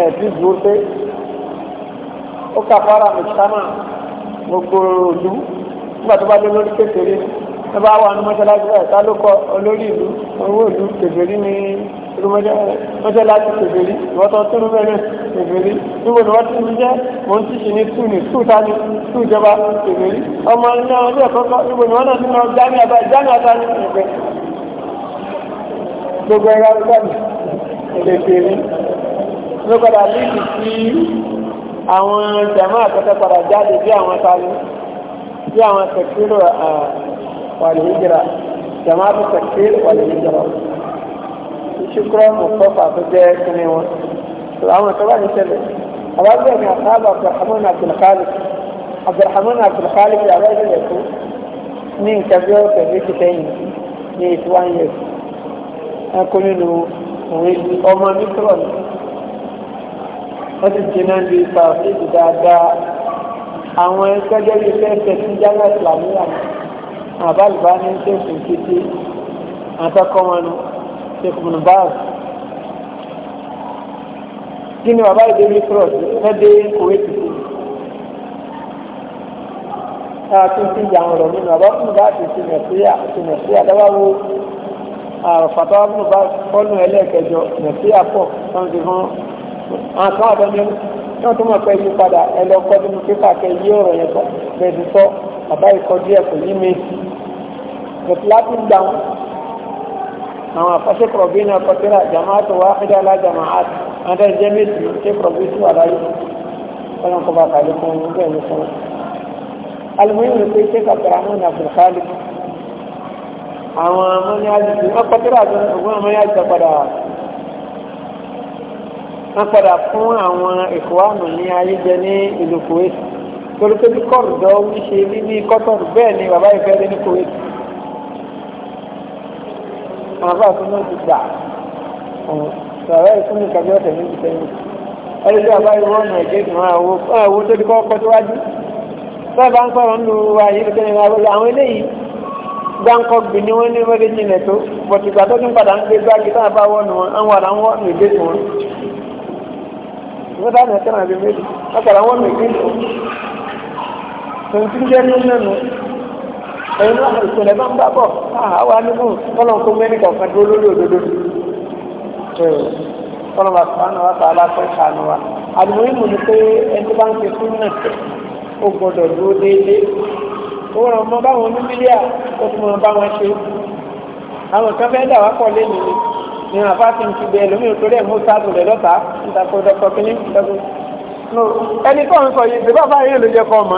ẹ̀dí dúró pé ó kà fara mùsùlùmá gbogbo òlú nígbà tó bá lé lórí kékeré tó bá wà ní mọ́ṣáláṣí báyìí ta ló kọ olórí ìlú owó ìlú kèfèrí ní ìlú mọ́ṣáláṣí kèfèrí ìwọ́tọ̀ tó ń bẹ̀rẹ̀ kèfèrí níbo ni wọ́n ti ń jẹ́ mò ń tìṣe ní tù ní tù ta ní tù ìjọba kèfèrí ọmọ ní àwọn ilé ẹ̀kọ́ kan níbo ni wọ́n náà ti lọ jáde àbá jáde àbá ní ìgbẹ́ gbogbo ẹ̀rọ agbáni kèfèrí ló padà líìkì sí àwọn jàmáà àkọ́kọ́ padà jáde bí àwọn tani bí àwọn tẹ̀kírò والهجرة جماعة التكفير والهجرة شكرا مصطفى بداية كنيوة الأمر طبعا يسلم أبدا من أصحاب عبد الرحمن عبد الخالق عبد الرحمن عبد الخالق يا رجل يكون من كبير كبير كتين ní ìtúwá yẹn ẹkọ nínú òwe ọmọ nítorọ ni wọn ti jẹ náà lè fa fíìdì dáadáa àwọn ẹgbẹgbẹ yìí fẹẹ fẹẹ sí jágà ìsìlámù yàrá àbálùbá ní sẹ́kùn títí àtàkọ́mọnù sẹ́kùn báàsì. kí ni bàbá ìdè micros ẹ̀dẹ́ kòwé títí káàtó sí ìyá ọ̀rọ̀ nínú bàbá fún báàsì sí nàìjíríà sí nàìjíríà dábàwò àfàtà fún báàsì fọ́nù ẹlẹ́ẹ̀kẹjọ nàìjíríà pọ̀ tán ti fún àtọ́ àtọ́jú náà tó mọ̀ pé yí padà ẹ lọ kọ́ sínú pépà kẹ yí ọ̀rọ̀ yẹn bẹ́ẹ̀ ti sọ bàbá ìkọjú ẹ̀ kò yí mi sí i mutlaku gbàwọn àwọn afọ́sẹ́ kọ̀ọ̀bí náà kọ́tẹ́rà jamaatu wáhídà la jamaat adá jẹ́ méjì ṣé kọ̀ọ̀bí sí wà láyé wọn kọ́ bá kàlẹ́ fún un bẹ́ẹ̀ ní sọ́wọ́. alimuyi ni pé sheikh abdulrahman abdulkhalik àwọn amóníyájú ti wọ́n kọ́tẹ́rà àti ọgbọ́n amóníyájú ti padà wọ́n padà fún àwọn ìkọ́wánu ní ayé jẹ ní ìlú kuwait torí pé bí kọ́ọ̀rù dọ́ wíṣe ní kọ́tọ̀rù bẹ́ẹ̀ ni bàbá ìfẹ́ dé ní kuwait àbá àtúnú ti gbà sọ̀rọ̀ ìfúnni kàbí ọ̀tẹ̀ méjì sẹ́yìn ẹni tí àbá ìwọ ọ̀nà ẹ̀jẹ̀ ìmọ̀ àwọ̀ àwọ̀ tó ti kọ́kọ́ tó wájú sọ́ọ̀bá ń sọ̀rọ̀ ń lu ayé tó tẹ́lẹ̀ àwọn eléyìí gbáǹkọ́ gbì ni wọ́n ní wọ́n jìnlẹ̀ tó bọ̀tù ìgbà tó tún padà ń gbé gbági tá àbá wọ́nu wọn àwọn àdá wọ́n nù ìdé tó wọn. ìwọ́n dáná ẹ̀kẹ́ náà bí méjì wọ́n padà wọ́n nù ìdé tó. tòun ẹ̀yin náà ìṣẹ̀lẹ̀ máa ń bá bọ̀ ah, àwa nínú kọ́lọ̀ kó mẹ́rin kọ̀ọ̀kan dúró lórí òdodo kọ́lọ̀ bá sọ̀rọ̀ náà wá sọ aláfẹ́ sànù wa àdùnnú ìmù ni pé ẹni tó bá ń ṣe fún náà ó gbọ́dọ̀ dúró déédéé owó ràn mọ́ báwọn onímílíà ó fún wọn báwọn ṣe àwọn kan fẹ́ẹ́ dà wá pọ̀ lé nìyí ni àfa ti ń ti bẹ ẹlòmíràn torí ẹ̀ mú sáàtù rẹ̀ lọ́ta níta kó dọ́kọ̀ kínní ẹni tó ń sọ yìí ṣèbá fáyé ló jẹ́ kọ́ ọmọ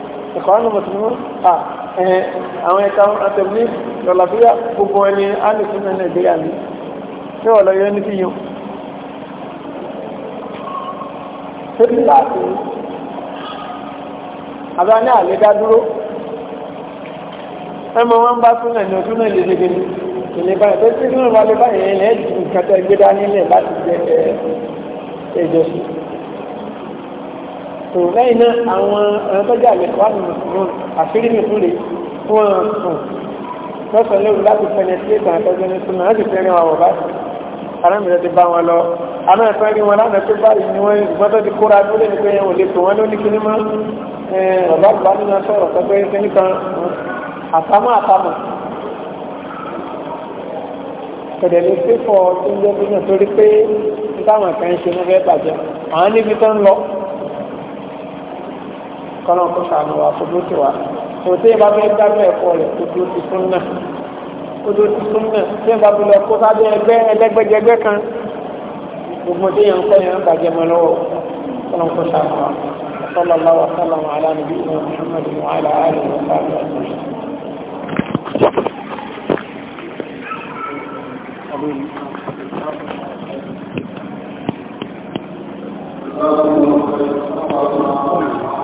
ìkọ́nù mùsùlùmí à àwọn ẹ̀ka àtẹ̀mí lọ́làbíyà gbogbo ẹni alìsínà nàìjíríà ní tí wọ́n lọ yọ ní fi yàn tẹ́lí láti àbá ní àlédá dúró ẹmọ wọn bá súnà ní ọdún náà lè dédé ní ìlé báyìí tó tí súnà wà lè báyìí ẹ̀ ẹ́ jù kẹta ẹgbẹ́dá nílẹ̀ láti jẹ́ ẹ̀ẹ́dẹ́sùn tó lẹ́yìn náà àwọn ọ̀rẹ́tọ́jà àlẹ́kọ̀ọ́ àti mùsùlùmí àṣírí mi fún lè fún ọ̀ràn sùn lọ́sàn lóru láti fẹ́ni sí ètò àtọ́jú ní súnmọ́ láti fẹ́ rìn àwọn báyìí arámìlẹ̀ ti bá wọn lọ àmọ́ ẹ̀fọ́ rí wọn lánàá tó báyìí ni wọ́n ìgbọ́n tó ti kóra tó lè ní pé wọn ò lè tó wọn ló ní kíní mọ́ ọ̀bá bá nínú sọ̀rọ̀ tó pé kíní kan àpamọ́ àpamọ́ kẹ̀dẹ̀ ló pé fọ́ tó ń jẹ́ bí náà torí pé nítawọn kan ń ṣe ní fẹ́ bàjẹ́ àwọn níbi tó ń lọ kọ́nà kó sànù wa kó dúró ti wa kò sí ìbá fẹ́ dábẹ́ ẹ̀kọ́ rẹ̀ kó dúró ti sún náà kó dúró ti sún náà sí ìbá fi lọ kó sábẹ́ ẹgbẹ́ ẹlẹ́gbẹ́jẹgbẹ́ kan gbogbo tí yẹn ń kọ́ yẹn ń bàjẹ́ mọ́ lọ́wọ́ kọ́nà kó sànù wa صلى الله وسلم على نبينا محمد وعلى اله وصحبه اجمعين Thank you.